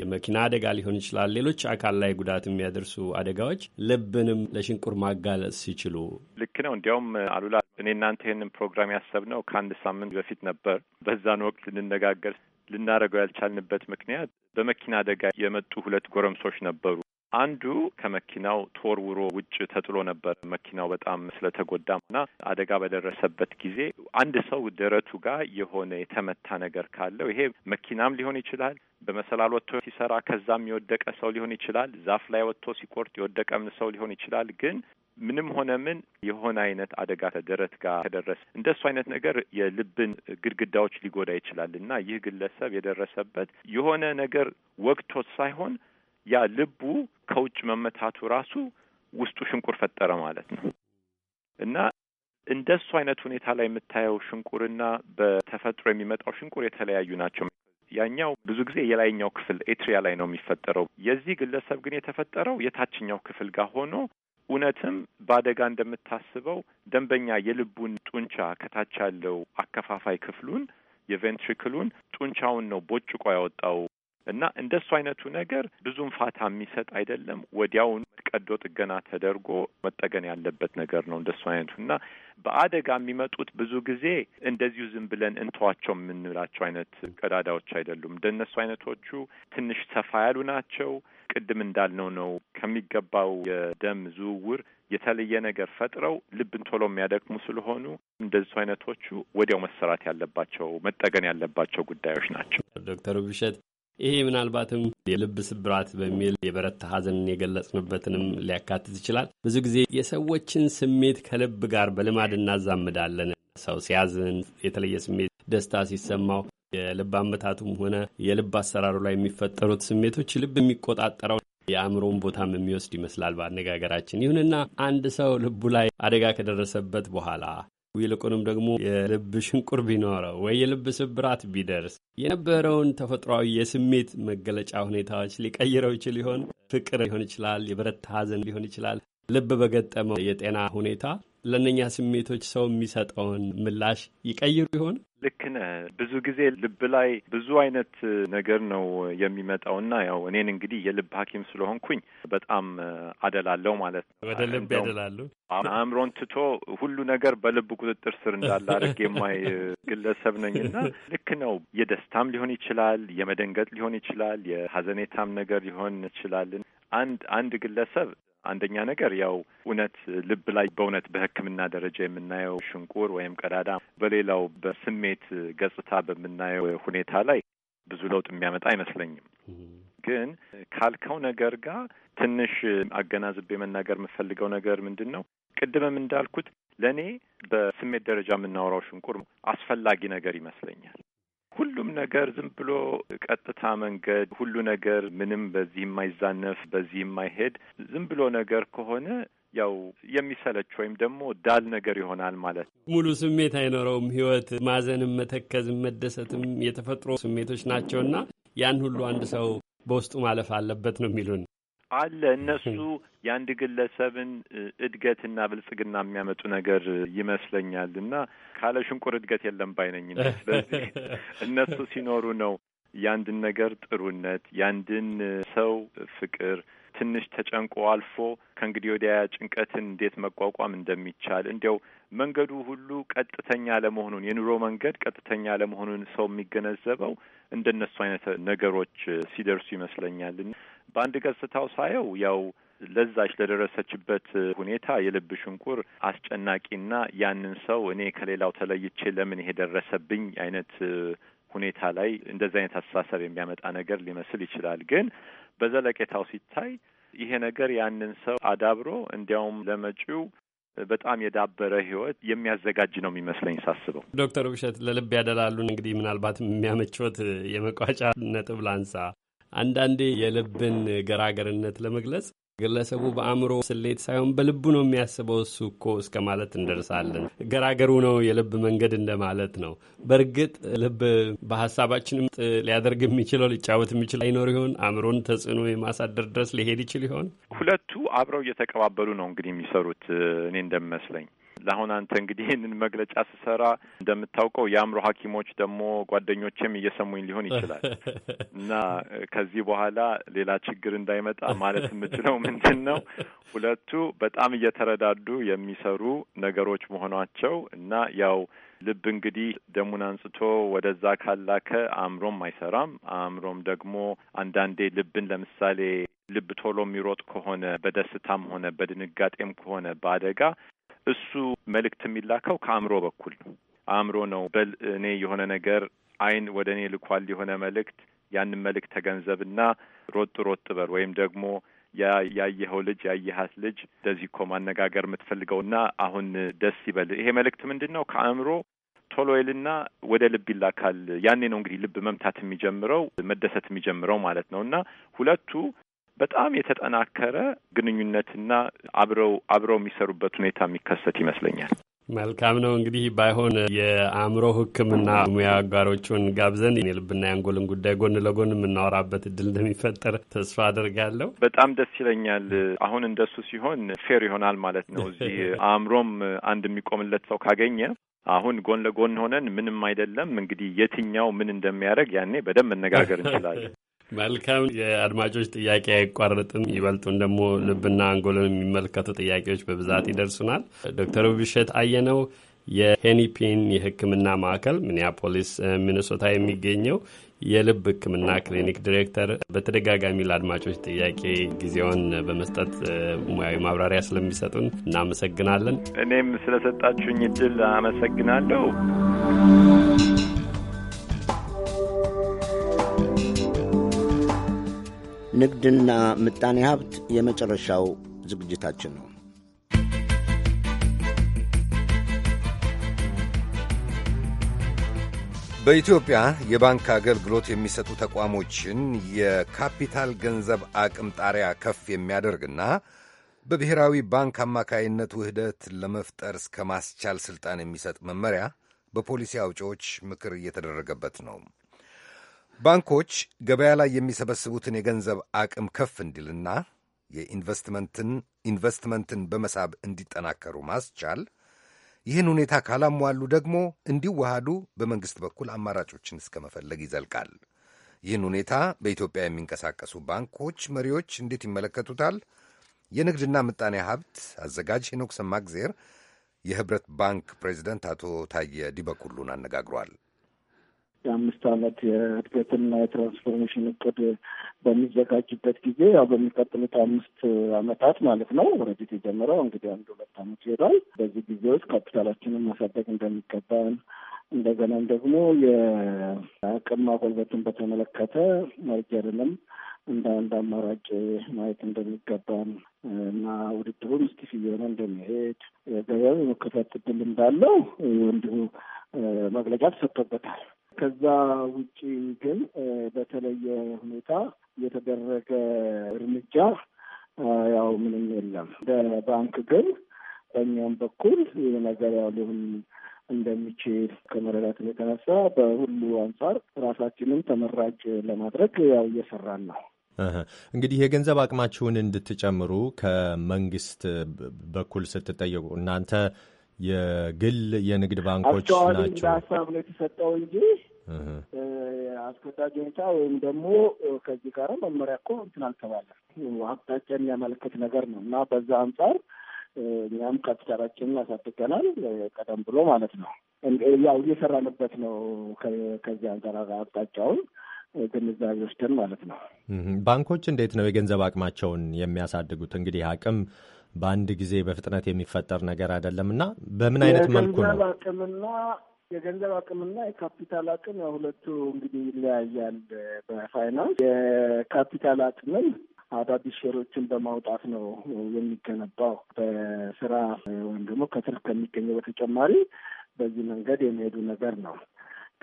የመኪና አደጋ ሊሆን ይችላል። ሌሎች አካል ላይ ጉዳት የሚያደርሱ አደጋዎች ልብንም ለሽንቁር ማጋለጽ ሲችሉ ልክ ነው። እንዲያውም አሉላ እኔ እናንተ ይህንን ፕሮግራም ያሰብነው ከአንድ ሳምንት በፊት ነበር። በዛን ወቅት ልንነጋገር ልናደርገው ያልቻልንበት ምክንያት በመኪና አደጋ የመጡ ሁለት ጎረምሶች ነበሩ። አንዱ ከመኪናው ተወርውሮ ውጭ ተጥሎ ነበር። መኪናው በጣም ስለተጎዳና አደጋ በደረሰበት ጊዜ አንድ ሰው ደረቱ ጋር የሆነ የተመታ ነገር ካለው ይሄ መኪናም ሊሆን ይችላል። በመሰላል ወጥቶ ሲሰራ ከዛም የወደቀ ሰው ሊሆን ይችላል። ዛፍ ላይ ወጥቶ ሲቆርጥ የወደቀም ሰው ሊሆን ይችላል ግን ምንም ሆነ ምን የሆነ አይነት አደጋ ከደረት ጋር ከደረሰ እንደሱ አይነት ነገር የልብን ግድግዳዎች ሊጎዳ ይችላል እና ይህ ግለሰብ የደረሰበት የሆነ ነገር ወቅቶት ሳይሆን ያ ልቡ ከውጭ መመታቱ ራሱ ውስጡ ሽንቁር ፈጠረ ማለት ነው እና እንደሱ አይነት ሁኔታ ላይ የምታየው ሽንቁርና በተፈጥሮ የሚመጣው ሽንቁር የተለያዩ ናቸው። ያኛው ብዙ ጊዜ የላይኛው ክፍል ኤትሪያ ላይ ነው የሚፈጠረው። የዚህ ግለሰብ ግን የተፈጠረው የታችኛው ክፍል ጋር ሆኖ እውነትም በአደጋ እንደምታስበው ደንበኛ የልቡን ጡንቻ ከታች ያለው አከፋፋይ ክፍሉን የቬንትሪክሉን ጡንቻውን ነው ቦጭቆ ያወጣው እና እንደሱ አይነቱ ነገር ብዙም ፋታ የሚሰጥ አይደለም። ወዲያውን ቀዶ ጥገና ተደርጎ መጠገን ያለበት ነገር ነው። እንደሱ አይነቱ እና በአደጋ የሚመጡት ብዙ ጊዜ እንደዚሁ ዝም ብለን እንተዋቸው የምንላቸው አይነት ቀዳዳዎች አይደሉም። እንደነሱ አይነቶቹ ትንሽ ሰፋ ያሉ ናቸው። ቅድም እንዳልነው ነው ከሚገባው የደም ዝውውር የተለየ ነገር ፈጥረው ልብን ቶሎ የሚያደክሙ ስለሆኑ እንደዚሁ አይነቶቹ ወዲያው መሰራት ያለባቸው መጠገን ያለባቸው ጉዳዮች ናቸው። ዶክተር ብሸት ይሄ ምናልባትም የልብ ስብራት በሚል የበረታ ሐዘንን የገለጽንበትንም ሊያካትት ይችላል። ብዙ ጊዜ የሰዎችን ስሜት ከልብ ጋር በልማድ እናዛምዳለን። ሰው ሲያዝን፣ የተለየ ስሜት ደስታ ሲሰማው የልብ አመታቱም ሆነ የልብ አሰራሩ ላይ የሚፈጠሩት ስሜቶች ልብ የሚቆጣጠረው የአእምሮን ቦታም የሚወስድ ይመስላል በአነጋገራችን። ይሁንና አንድ ሰው ልቡ ላይ አደጋ ከደረሰበት በኋላ ይልቁንም ደግሞ የልብ ሽንቁር ቢኖረው ወይ የልብ ስብራት ቢደርስ የነበረውን ተፈጥሯዊ የስሜት መገለጫ ሁኔታዎች ሊቀይረው ይችል ይሆን? ፍቅር ሊሆን ይችላል፣ የበረታ ሐዘን ሊሆን ይችላል። ልብ በገጠመው የጤና ሁኔታ ለእነኛ ስሜቶች ሰው የሚሰጠውን ምላሽ ይቀይሩ ይሆን? ልክ ነህ። ብዙ ጊዜ ልብ ላይ ብዙ አይነት ነገር ነው የሚመጣውና ያው እኔን እንግዲህ የልብ ሐኪም ስለሆንኩኝ በጣም አደላለሁ ማለት ነው። ወደ ልብ ያደላሉ። አእምሮን ትቶ ሁሉ ነገር በልብ ቁጥጥር ስር እንዳለ አድርግ የማይ ግለሰብ ነኝና ልክ ነው። የደስታም ሊሆን ይችላል፣ የመደንገጥ ሊሆን ይችላል፣ የሀዘኔታም ነገር ሊሆን ይችላል። አንድ አንድ ግለሰብ አንደኛ ነገር ያው እውነት ልብ ላይ በእውነት በሕክምና ደረጃ የምናየው ሽንቁር ወይም ቀዳዳ በሌላው በስሜት ገጽታ በምናየው ሁኔታ ላይ ብዙ ለውጥ የሚያመጣ አይመስለኝም። ግን ካልከው ነገር ጋር ትንሽ አገናዝቤ መናገር የምፈልገው ነገር ምንድን ነው፣ ቅድምም እንዳልኩት ለእኔ በስሜት ደረጃ የምናወራው ሽንቁር አስፈላጊ ነገር ይመስለኛል። ሁሉም ነገር ዝም ብሎ ቀጥታ መንገድ ሁሉ ነገር ምንም በዚህ የማይዛነፍ በዚህ የማይሄድ ዝም ብሎ ነገር ከሆነ ያው የሚሰለች ወይም ደግሞ ዳል ነገር ይሆናል ማለት ነው። ሙሉ ስሜት አይኖረውም። ህይወት ማዘንም፣ መተከዝም፣ መደሰትም የተፈጥሮ ስሜቶች ናቸውና ያን ሁሉ አንድ ሰው በውስጡ ማለፍ አለበት ነው የሚሉን። አለ። እነሱ የአንድ ግለሰብን እድገትና ብልጽግና የሚያመጡ ነገር ይመስለኛል እና ካለ ሽንቁር እድገት የለም ባይነኝ። ስለዚህ እነሱ ሲኖሩ ነው የአንድን ነገር ጥሩነት፣ የአንድን ሰው ፍቅር ትንሽ ተጨንቆ አልፎ ከእንግዲህ ወዲያ ጭንቀትን እንዴት መቋቋም እንደሚቻል እንዲያው መንገዱ ሁሉ ቀጥተኛ ለመሆኑን የኑሮ መንገድ ቀጥተኛ ለመሆኑን ሰው የሚገነዘበው እንደነሱ አይነት ነገሮች ሲደርሱ ይመስለኛል። በአንድ ገጽታው ሳየው ያው ለዛች ለደረሰችበት ሁኔታ የልብ ሽንቁር አስጨናቂና ያንን ሰው እኔ ከሌላው ተለይቼ ለምን ይሄ ደረሰብኝ አይነት ሁኔታ ላይ እንደዚህ አይነት አስተሳሰብ የሚያመጣ ነገር ሊመስል ይችላል። ግን በዘለቄታው ሲታይ ይሄ ነገር ያንን ሰው አዳብሮ እንዲያውም ለመጪው በጣም የዳበረ ህይወት የሚያዘጋጅ ነው የሚመስለኝ ሳስበው። ዶክተር ብሸት ለልብ ያደላሉን እንግዲህ ምናልባት የሚያመችዎት የመቋጫ ነጥብ ላንሳ። አንዳንዴ የልብን ገራገርነት ለመግለጽ ግለሰቡ በአእምሮ ስሌት ሳይሆን በልቡ ነው የሚያስበው እሱ እኮ እስከ ማለት እንደርሳለን። ገራገሩ ነው የልብ መንገድ እንደማለት ነው። በእርግጥ ልብ በሀሳባችንም ሊያደርግ የሚችለው ሊጫወት የሚችል አይኖር ይሆን? አእምሮን ተጽዕኖ የማሳደር ድረስ ሊሄድ ይችል ይሆን? ሁለቱ አብረው እየተቀባበሉ ነው እንግዲህ የሚሰሩት እኔ እንደሚመስለኝ ለአሁን አንተ እንግዲህ ይህንን መግለጫ ስሰራ እንደምታውቀው የአእምሮ ሐኪሞች ደግሞ ጓደኞቼም እየሰሙኝ ሊሆን ይችላል እና ከዚህ በኋላ ሌላ ችግር እንዳይመጣ ማለት የምችለው ምንድን ነው ሁለቱ በጣም እየተረዳዱ የሚሰሩ ነገሮች መሆናቸው እና ያው ልብ እንግዲህ ደሙን አንጽቶ ወደዛ ካላከ አእምሮም አይሰራም። አእምሮም ደግሞ አንዳንዴ ልብን ለምሳሌ ልብ ቶሎ የሚሮጥ ከሆነ በደስታም ሆነ በድንጋጤም ከሆነ በአደጋ እሱ መልእክት የሚላከው ከአእምሮ በኩል ነው። አእምሮ ነው በል እኔ የሆነ ነገር አይን ወደ እኔ ልኳል የሆነ መልእክት ያንን መልእክት ተገንዘብና ሮጥ ሮጥ በል ወይም ደግሞ ያየኸው ልጅ ያየሃት ልጅ እንደዚህ እኮ ማነጋገር የምትፈልገውና አሁን ደስ ይበል። ይሄ መልእክት ምንድን ነው? ከአእምሮ ቶሎ ይልና ወደ ልብ ይላካል። ያኔ ነው እንግዲህ ልብ መምታት የሚጀምረው መደሰት የሚጀምረው ማለት ነው። እና ሁለቱ በጣም የተጠናከረ ግንኙነትና አብረው አብረው የሚሰሩበት ሁኔታ የሚከሰት ይመስለኛል። መልካም ነው። እንግዲህ ባይሆን የአእምሮ ሕክምና ሙያ አጋሮቹን ጋብዘን የልብና የአንጎልን ጉዳይ ጎን ለጎን የምናወራበት እድል እንደሚፈጠር ተስፋ አድርጋለሁ። በጣም ደስ ይለኛል። አሁን እንደሱ ሲሆን ፌር ይሆናል ማለት ነው። እዚህ አእምሮም አንድ የሚቆምለት ሰው ካገኘ አሁን ጎን ለጎን ሆነን ምንም አይደለም እንግዲህ የትኛው ምን እንደሚያደርግ ያኔ በደንብ መነጋገር እንችላለን። መልካም የአድማጮች ጥያቄ አይቋረጥም። ይበልጡን ደግሞ ልብና አንጎልን የሚመለከቱ ጥያቄዎች በብዛት ይደርሱናል። ዶክተር ብሸት አየነው የሄኒፒን የሕክምና ማዕከል ሚኒያፖሊስ ሚኒሶታ የሚገኘው የልብ ሕክምና ክሊኒክ ዲሬክተር በተደጋጋሚ ለአድማጮች ጥያቄ ጊዜውን በመስጠት ሙያዊ ማብራሪያ ስለሚሰጡን እናመሰግናለን። እኔም ስለሰጣችሁኝ እድል አመሰግናለሁ። ንግድና ምጣኔ ሀብት የመጨረሻው ዝግጅታችን ነው። በኢትዮጵያ የባንክ አገልግሎት የሚሰጡ ተቋሞችን የካፒታል ገንዘብ አቅም ጣሪያ ከፍ የሚያደርግና በብሔራዊ ባንክ አማካይነት ውህደት ለመፍጠር እስከ ማስቻል ሥልጣን የሚሰጥ መመሪያ በፖሊሲ አውጪዎች ምክር እየተደረገበት ነው። ባንኮች ገበያ ላይ የሚሰበስቡትን የገንዘብ አቅም ከፍ እንዲልና የኢንቨስትመንትን ኢንቨስትመንትን በመሳብ እንዲጠናከሩ ማስቻል፣ ይህን ሁኔታ ካላሟሉ ደግሞ እንዲዋሃዱ በመንግሥት በኩል አማራጮችን እስከ መፈለግ ይዘልቃል። ይህን ሁኔታ በኢትዮጵያ የሚንቀሳቀሱ ባንኮች መሪዎች እንዴት ይመለከቱታል? የንግድና ምጣኔ ሀብት አዘጋጅ ሄኖክ ሰማግዜር የህብረት ባንክ ፕሬዚደንት አቶ ታየ ዲበኩሉን አነጋግሯል። የአምስት ዓመት የእድገትና የትራንስፎርሜሽን እቅድ በሚዘጋጅበት ጊዜ ያው በሚቀጥሉት አምስት አመታት ማለት ነው። ወረዲት የጀመረው እንግዲህ አንድ ሁለት አመት ይሄዳል። በዚህ ጊዜ ውስጥ ካፒታላችንን ማሳደግ እንደሚገባን እንደገናም ደግሞ የአቅም ማጎልበትን በተመለከተ መርጀርንም እንደ አንድ አማራጭ ማየት እንደሚገባን እና ውድድሩን ስቲፍ እየሆነ እንደሚሄድ ገበያ የመከፈት እድል እንዳለው እንዲሁ መግለጫ ተሰጥቶበታል። ከዛ ውጪ ግን በተለየ ሁኔታ የተደረገ እርምጃ ያው ምንም የለም። በባንክ ግን በእኛም በኩል ይህ ነገር ያው ሊሆን እንደሚችል ከመረዳትን የተነሳ በሁሉ አንጻር ራሳችንን ተመራጭ ለማድረግ ያው እየሰራን ነው። እንግዲህ የገንዘብ አቅማችሁን እንድትጨምሩ ከመንግስት በኩል ስትጠየቁ እናንተ የግል የንግድ ባንኮች ናቸው ሀሳብ ነው የተሰጠው እንጂ አስገዳጅ ሁኔታ ወይም ደግሞ ከዚህ ጋር መመሪያ እኮ እንትን አልተባለም አቅጣጫን የሚያመለክት ነገር ነው እና በዛ አንጻር እኛም ካፒታላችንን አሳድገናል። ቀደም ብሎ ማለት ነው። ያው እየሰራንበት ነው። ከዚህ አንጻር አቅጣጫውን ግንዛቤ ወስደን ማለት ነው። ባንኮች እንዴት ነው የገንዘብ አቅማቸውን የሚያሳድጉት? እንግዲህ አቅም በአንድ ጊዜ በፍጥነት የሚፈጠር ነገር አይደለም እና በምን አይነት መልኩ ነው አቅምና የገንዘብ አቅምና የካፒታል አቅም ሁለቱ እንግዲህ ይለያያል። በፋይናንስ የካፒታል አቅምን አዳዲስ ሼሮችን በማውጣት ነው የሚገነባው። በስራ ወይም ደግሞ ከትርፍ ከሚገኘው በተጨማሪ በዚህ መንገድ የሚሄዱ ነገር ነው።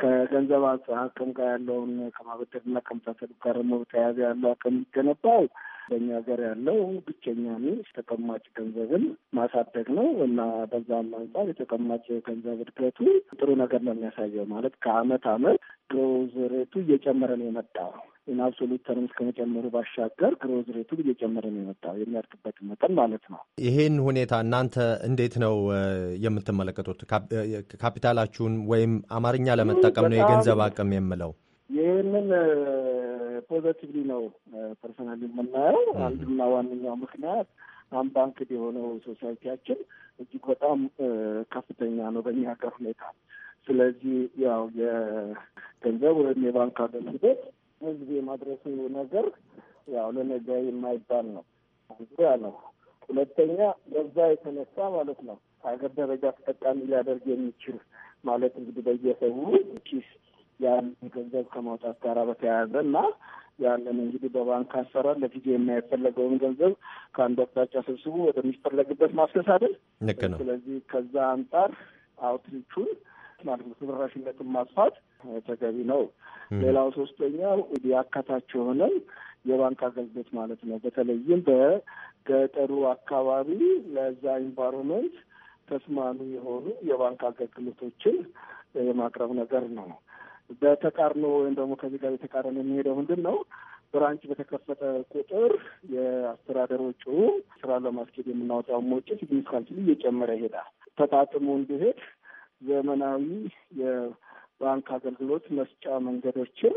ከገንዘብ አቅም ጋር ያለውን ከማበደርና ከመሳሰሉ ጋር ደግሞ በተያያዘ ያለው አቅም የሚገነባው በእኛ ሀገር ያለው ብቸኛ ሚስ ተቀማጭ ገንዘብን ማሳደግ ነው እና በዛም አንጻር የተቀማጭ ገንዘብ እድገቱ ጥሩ ነገር ነው የሚያሳየው ማለት ከአመት አመት ግሮዝ ሬቱ እየጨመረ ነው የመጣው። ኢንአብሶሉት ተርምስ ከመጨመሩ ባሻገር ግሮዝ ሬቱ እየጨመረ ነው የመጣው የሚያድግበት መጠን ማለት ነው። ይሄን ሁኔታ እናንተ እንዴት ነው የምትመለከቱት? ካፒታላችሁን ወይም አማርኛ ለመጠቀም ነው የገንዘብ አቅም የምለው ይህንን ፖዘቲቭሊ ነው ፐርሰናል የምናየው። አንዱና ዋነኛው ምክንያት አንባንክድ የሆነው ሶሳይቲያችን እጅግ በጣም ከፍተኛ ነው በእኛ ሀገር ሁኔታ። ስለዚህ ያው የገንዘብ ወይም የባንክ አገልግሎት ህዝብ የማድረሱ ነገር ያው ለነገ የማይባል ነው። አንዱ ያ ነው። ሁለተኛ በዛ የተነሳ ማለት ነው ሀገር ደረጃ ተጠቃሚ ሊያደርግ የሚችል ማለት እንግዲህ በየሰቡ ኪስ ያንን ገንዘብ ከማውጣት ጋር በተያያዘ እና ያለን እንግዲህ በባንክ አሰራር ለጊዜ የማይፈለገውን ገንዘብ ከአንድ አቅጣጫ ስብስቡ ወደሚፈለግበት ማፍሰስ ልክ ነው። ስለዚህ ከዛ አንጻር አውትሪቹን ማለት ተደራሽነትን ማስፋት ተገቢ ነው። ሌላው ሶስተኛው አካታች የሆነ የባንክ አገልግሎት ማለት ነው። በተለይም በገጠሩ አካባቢ ለዛ ኢንቫይሮንመንት ተስማሚ የሆኑ የባንክ አገልግሎቶችን የማቅረብ ነገር ነው። በተቃርኖ ወይም ደግሞ ከዚህ ጋር የተቃረነ የሚሄደው ምንድን ነው? ብራንች በተከፈተ ቁጥር የአስተዳደሮቹ ስራ ለማስኬድ የምናወጣውም ወጪ ሲግኒፊካንትሊ እየጨመረ ይሄዳል። ተጣጥሞ እንዲሄድ ዘመናዊ የባንክ አገልግሎት መስጫ መንገዶችን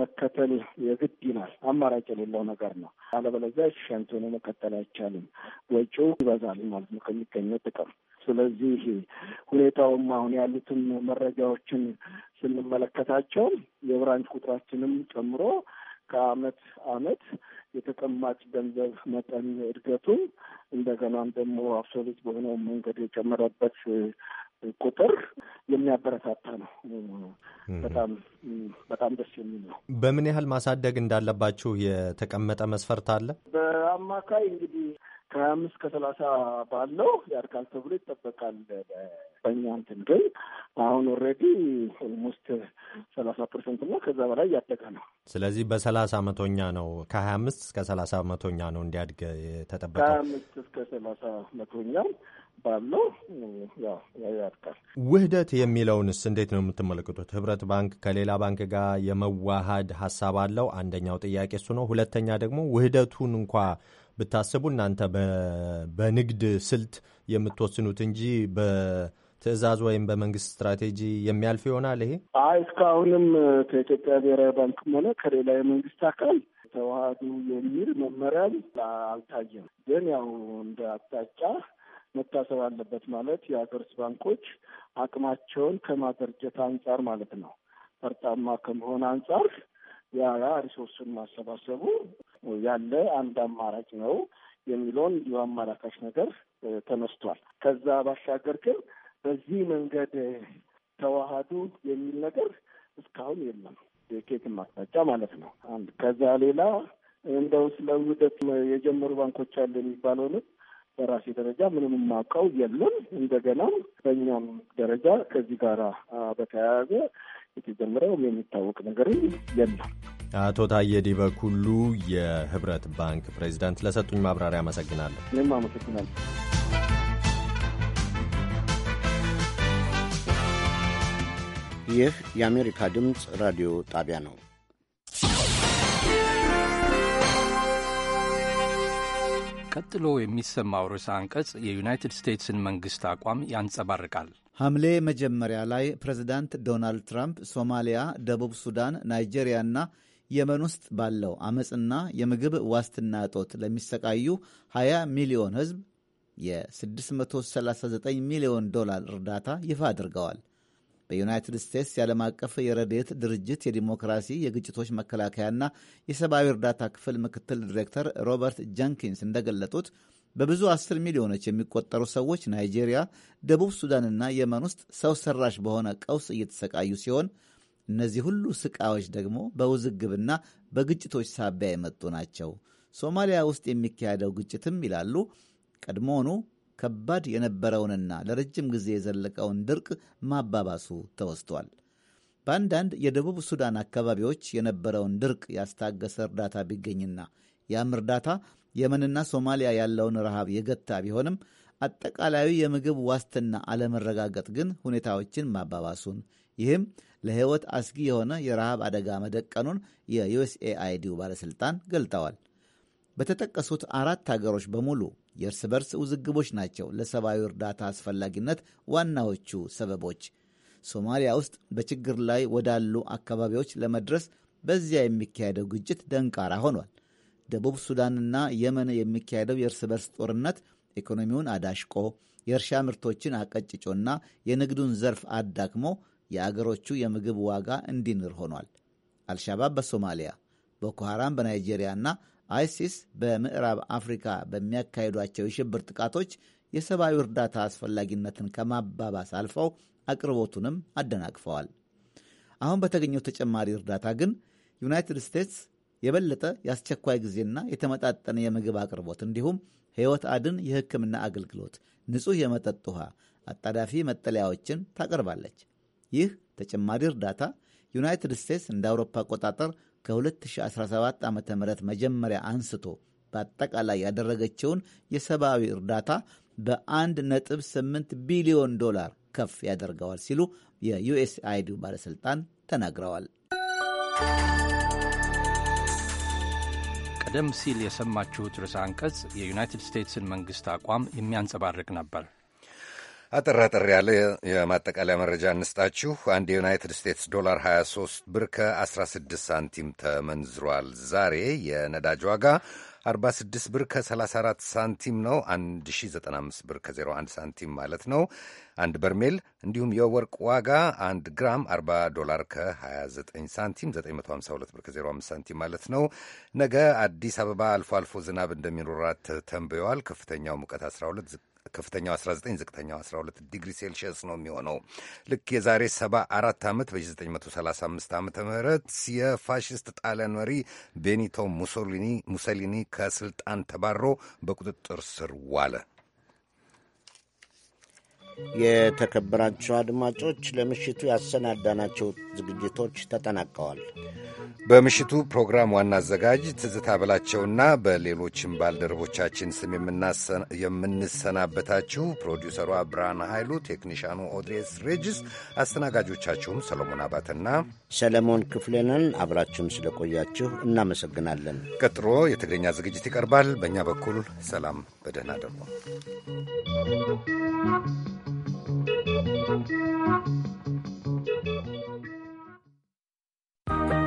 መከተል የግድ ይናል። አማራጭ የሌለው ነገር ነው። አለበለዚያ ኤፊሽንት ሆኖ መቀጠል አይቻልም። ወጪው ይበዛል ማለት ነው ከሚገኘው ጥቅም ስለዚህ ሁኔታውም አሁን ያሉትን መረጃዎችን ስንመለከታቸው የብራንች ቁጥራችንም ጨምሮ ከአመት አመት የተቀማጭ ገንዘብ መጠን እድገቱን እንደገናም ደግሞ አብሶሉት በሆነው መንገድ የጨመረበት ቁጥር የሚያበረታታ ነው። በጣም በጣም ደስ የሚል ነው። በምን ያህል ማሳደግ እንዳለባችሁ የተቀመጠ መስፈርት አለ? በአማካይ እንግዲህ ከሀያ አምስት ከሰላሳ ባለው ያድጋል ተብሎ ይጠበቃል። በእኛ እንትን ግን አሁን ኦልሬዲ ኦልሞስት ሰላሳ ፐርሰንት እና ከዛ በላይ እያደገ ነው። ስለዚህ በሰላሳ መቶኛ ነው ከሀያ አምስት እስከ ሰላሳ መቶኛ ነው እንዲያድገ የተጠበቀ ከሀያ አምስት እስከ ሰላሳ መቶኛ ባለው ውህደት የሚለውንስ እንዴት ነው የምትመለከቱት? ህብረት ባንክ ከሌላ ባንክ ጋር የመዋሃድ ሀሳብ አለው? አንደኛው ጥያቄ እሱ ነው። ሁለተኛ ደግሞ ውህደቱን እንኳ ብታስቡ እናንተ በንግድ ስልት የምትወስኑት እንጂ በትዕዛዝ ወይም በመንግስት ስትራቴጂ የሚያልፍ ይሆናል። ይሄ አይ እስካሁንም ከኢትዮጵያ ብሔራዊ ባንክም ሆነ ከሌላ የመንግስት አካል ተዋህዱ የሚል መመሪያም አልታየም። ግን ያው እንደ አቅጣጫ መታሰብ አለበት ማለት የሀገር ውስጥ ባንኮች አቅማቸውን ከማደርጀት አንጻር ማለት ነው፣ ፈርጣማ ከመሆን አንጻር ያ ሪሶርስን ማሰባሰቡ ያለ አንድ አማራጭ ነው የሚለውን ይሁ ነገር ተነስቷል። ከዛ ባሻገር ግን በዚህ መንገድ ተዋሃዱ የሚል ነገር እስካሁን የለም፣ የኬትን ማቅጣጫ ማለት ነው። አንድ ከዛ ሌላ እንደው ስለ ውህደት የጀመሩ ባንኮች አሉ የሚባለውንም በራሴ ደረጃ ምንም የማውቀው የለም። እንደገናም በእኛም ደረጃ ከዚህ ጋራ በተያያዘ ጀምረው የሚታወቅ ነገር የለም። አቶ ታየዲ በኩሉ የህብረት ባንክ ፕሬዚዳንት ለሰጡኝ ማብራሪያ አመሰግናለሁ። እኔም አመሰግናለሁ። ይህ የአሜሪካ ድምፅ ራዲዮ ጣቢያ ነው። ቀጥሎ የሚሰማው ርዕሰ አንቀጽ የዩናይትድ ስቴትስን መንግሥት አቋም ያንጸባርቃል። ሐምሌ መጀመሪያ ላይ ፕሬዚዳንት ዶናልድ ትራምፕ ሶማሊያ፣ ደቡብ ሱዳን፣ ናይጄሪያና የመን ውስጥ ባለው አመፅና የምግብ ዋስትና እጦት ለሚሰቃዩ 20 ሚሊዮን ሕዝብ የ639 ሚሊዮን ዶላር እርዳታ ይፋ አድርገዋል። በዩናይትድ ስቴትስ የዓለም አቀፍ የረድኤት ድርጅት የዲሞክራሲ የግጭቶች መከላከያና የሰብአዊ እርዳታ ክፍል ምክትል ዲሬክተር ሮበርት ጀንኪንስ እንደገለጡት በብዙ አስር ሚሊዮኖች የሚቆጠሩ ሰዎች ናይጄሪያ፣ ደቡብ ሱዳንና የመን ውስጥ ሰው ሰራሽ በሆነ ቀውስ እየተሰቃዩ ሲሆን እነዚህ ሁሉ ስቃዮች ደግሞ በውዝግብና በግጭቶች ሳቢያ የመጡ ናቸው። ሶማሊያ ውስጥ የሚካሄደው ግጭትም ይላሉ ቀድሞውኑ ከባድ የነበረውንና ለረጅም ጊዜ የዘለቀውን ድርቅ ማባባሱ ተወስቷል። በአንዳንድ የደቡብ ሱዳን አካባቢዎች የነበረውን ድርቅ ያስታገሰ እርዳታ ቢገኝና ያም እርዳታ የመንና ሶማሊያ ያለውን ረሃብ የገታ ቢሆንም አጠቃላዩ የምግብ ዋስትና አለመረጋገጥ ግን ሁኔታዎችን ማባባሱን ይህም ለሕይወት አስጊ የሆነ የረሃብ አደጋ መደቀኑን የዩኤስኤአይዲው ባለሥልጣን ገልጠዋል። በተጠቀሱት አራት አገሮች በሙሉ የእርስ በርስ ውዝግቦች ናቸው ለሰብአዊ እርዳታ አስፈላጊነት ዋናዎቹ ሰበቦች። ሶማሊያ ውስጥ በችግር ላይ ወዳሉ አካባቢዎች ለመድረስ በዚያ የሚካሄደው ግጭት ደንቃራ ሆኗል። ደቡብ ሱዳንና የመን የሚካሄደው የእርስ በርስ ጦርነት ኢኮኖሚውን አዳሽቆ የእርሻ ምርቶችን አቀጭጮና የንግዱን ዘርፍ አዳክሞ የአገሮቹ የምግብ ዋጋ እንዲንር ሆኗል። አልሻባብ በሶማሊያ ቦኮ ሐራም በናይጄሪያና አይሲስ በምዕራብ አፍሪካ በሚያካሂዷቸው የሽብር ጥቃቶች የሰብአዊ እርዳታ አስፈላጊነትን ከማባባስ አልፈው አቅርቦቱንም አደናቅፈዋል። አሁን በተገኘው ተጨማሪ እርዳታ ግን ዩናይትድ ስቴትስ የበለጠ የአስቸኳይ ጊዜና የተመጣጠነ የምግብ አቅርቦት እንዲሁም ሕይወት አድን የሕክምና አገልግሎት፣ ንጹሕ የመጠጥ ውሃ፣ አጣዳፊ መጠለያዎችን ታቀርባለች። ይህ ተጨማሪ እርዳታ ዩናይትድ ስቴትስ እንደ አውሮፓ አቆጣጠር ከ2017 ዓ ም መጀመሪያ አንስቶ በአጠቃላይ ያደረገችውን የሰብአዊ እርዳታ በ1.8 ቢሊዮን ዶላር ከፍ ያደርገዋል ሲሉ የዩኤስአይዲ ባለሥልጣን ተናግረዋል። ቀደም ሲል የሰማችሁት ርዕሰ አንቀጽ የዩናይትድ ስቴትስን መንግሥት አቋም የሚያንጸባርቅ ነበር። አጠር አጠር ያለ የማጠቃለያ መረጃ እንስጣችሁ። አንድ የዩናይትድ ስቴትስ ዶላር 23 ብር ከ16 ሳንቲም ተመንዝሯል። ዛሬ የነዳጅ ዋጋ 46 ብር ከ34 ሳንቲም ነው። 1095 ብር ከ01 ሳንቲም ማለት ነው አንድ በርሜል። እንዲሁም የወርቅ ዋጋ 1 ግራም 40 ዶላር ከ29 ሳንቲም 952 ብር ከ05 ሳንቲም ማለት ነው። ነገ አዲስ አበባ አልፎ አልፎ ዝናብ እንደሚኖራት ተንብየዋል። ከፍተኛው ሙቀት 12፣ ከፍተኛው 19 ዝቅተኛው 12 ዲግሪ ሴልሺየስ ነው የሚሆነው። ልክ የዛሬ 74 ዓመት በ1935 ዓ ም የፋሽስት ጣሊያን መሪ ቤኒቶ ሙሶሊኒ ከስልጣን ተባሮ በቁጥጥር ስር ዋለ። የተከበራቸው አድማጮች ለምሽቱ ያሰናዳናቸው ዝግጅቶች ተጠናቀዋል። በምሽቱ ፕሮግራም ዋና አዘጋጅ ትዝታ በላቸውና በሌሎችም ባልደረቦቻችን ስም የምንሰናበታችሁ ፕሮዲውሰሯ ብርሃን ኃይሉ፣ ቴክኒሻኑ ኦድሬስ ሬጅስ፣ አስተናጋጆቻችሁም ሰሎሞን አባተና ሰለሞን ክፍሌንን አብራችሁም ስለቆያችሁ እናመሰግናለን። ቀጥሮ የትግርኛ ዝግጅት ይቀርባል። በእኛ በኩል ሰላም፣ በደህና ደሩ። Thank you.